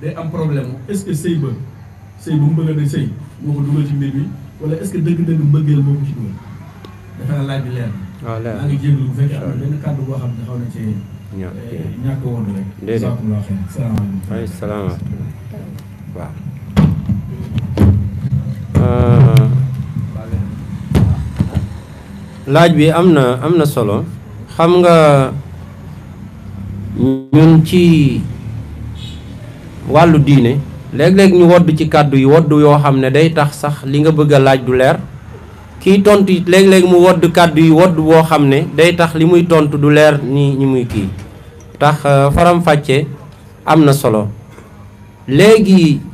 day am problème est-ce bëgg a sëy moo ko dugal ci mbir mi wala na laaj bi leer na. Ah, ngi jégalu bu fekkee am na benn kàddu boo xam ne xaw na ci ñàkk euh, woon rek. déedéet salaamaaleykum. waaleykum salaam. waaw. laaj bi amna amna solo xam nga ñun ci walu diine leg leg ñu wodd ci kaddu yi wodd yo xamne day tax sax li nga bëgg laaj du leer ki tontu leg leg mu wodd kaddu yi wodd bo xamne day tax li muy tontu du leer ni ñi muy ki tax euh, faram fàcce amna solo legi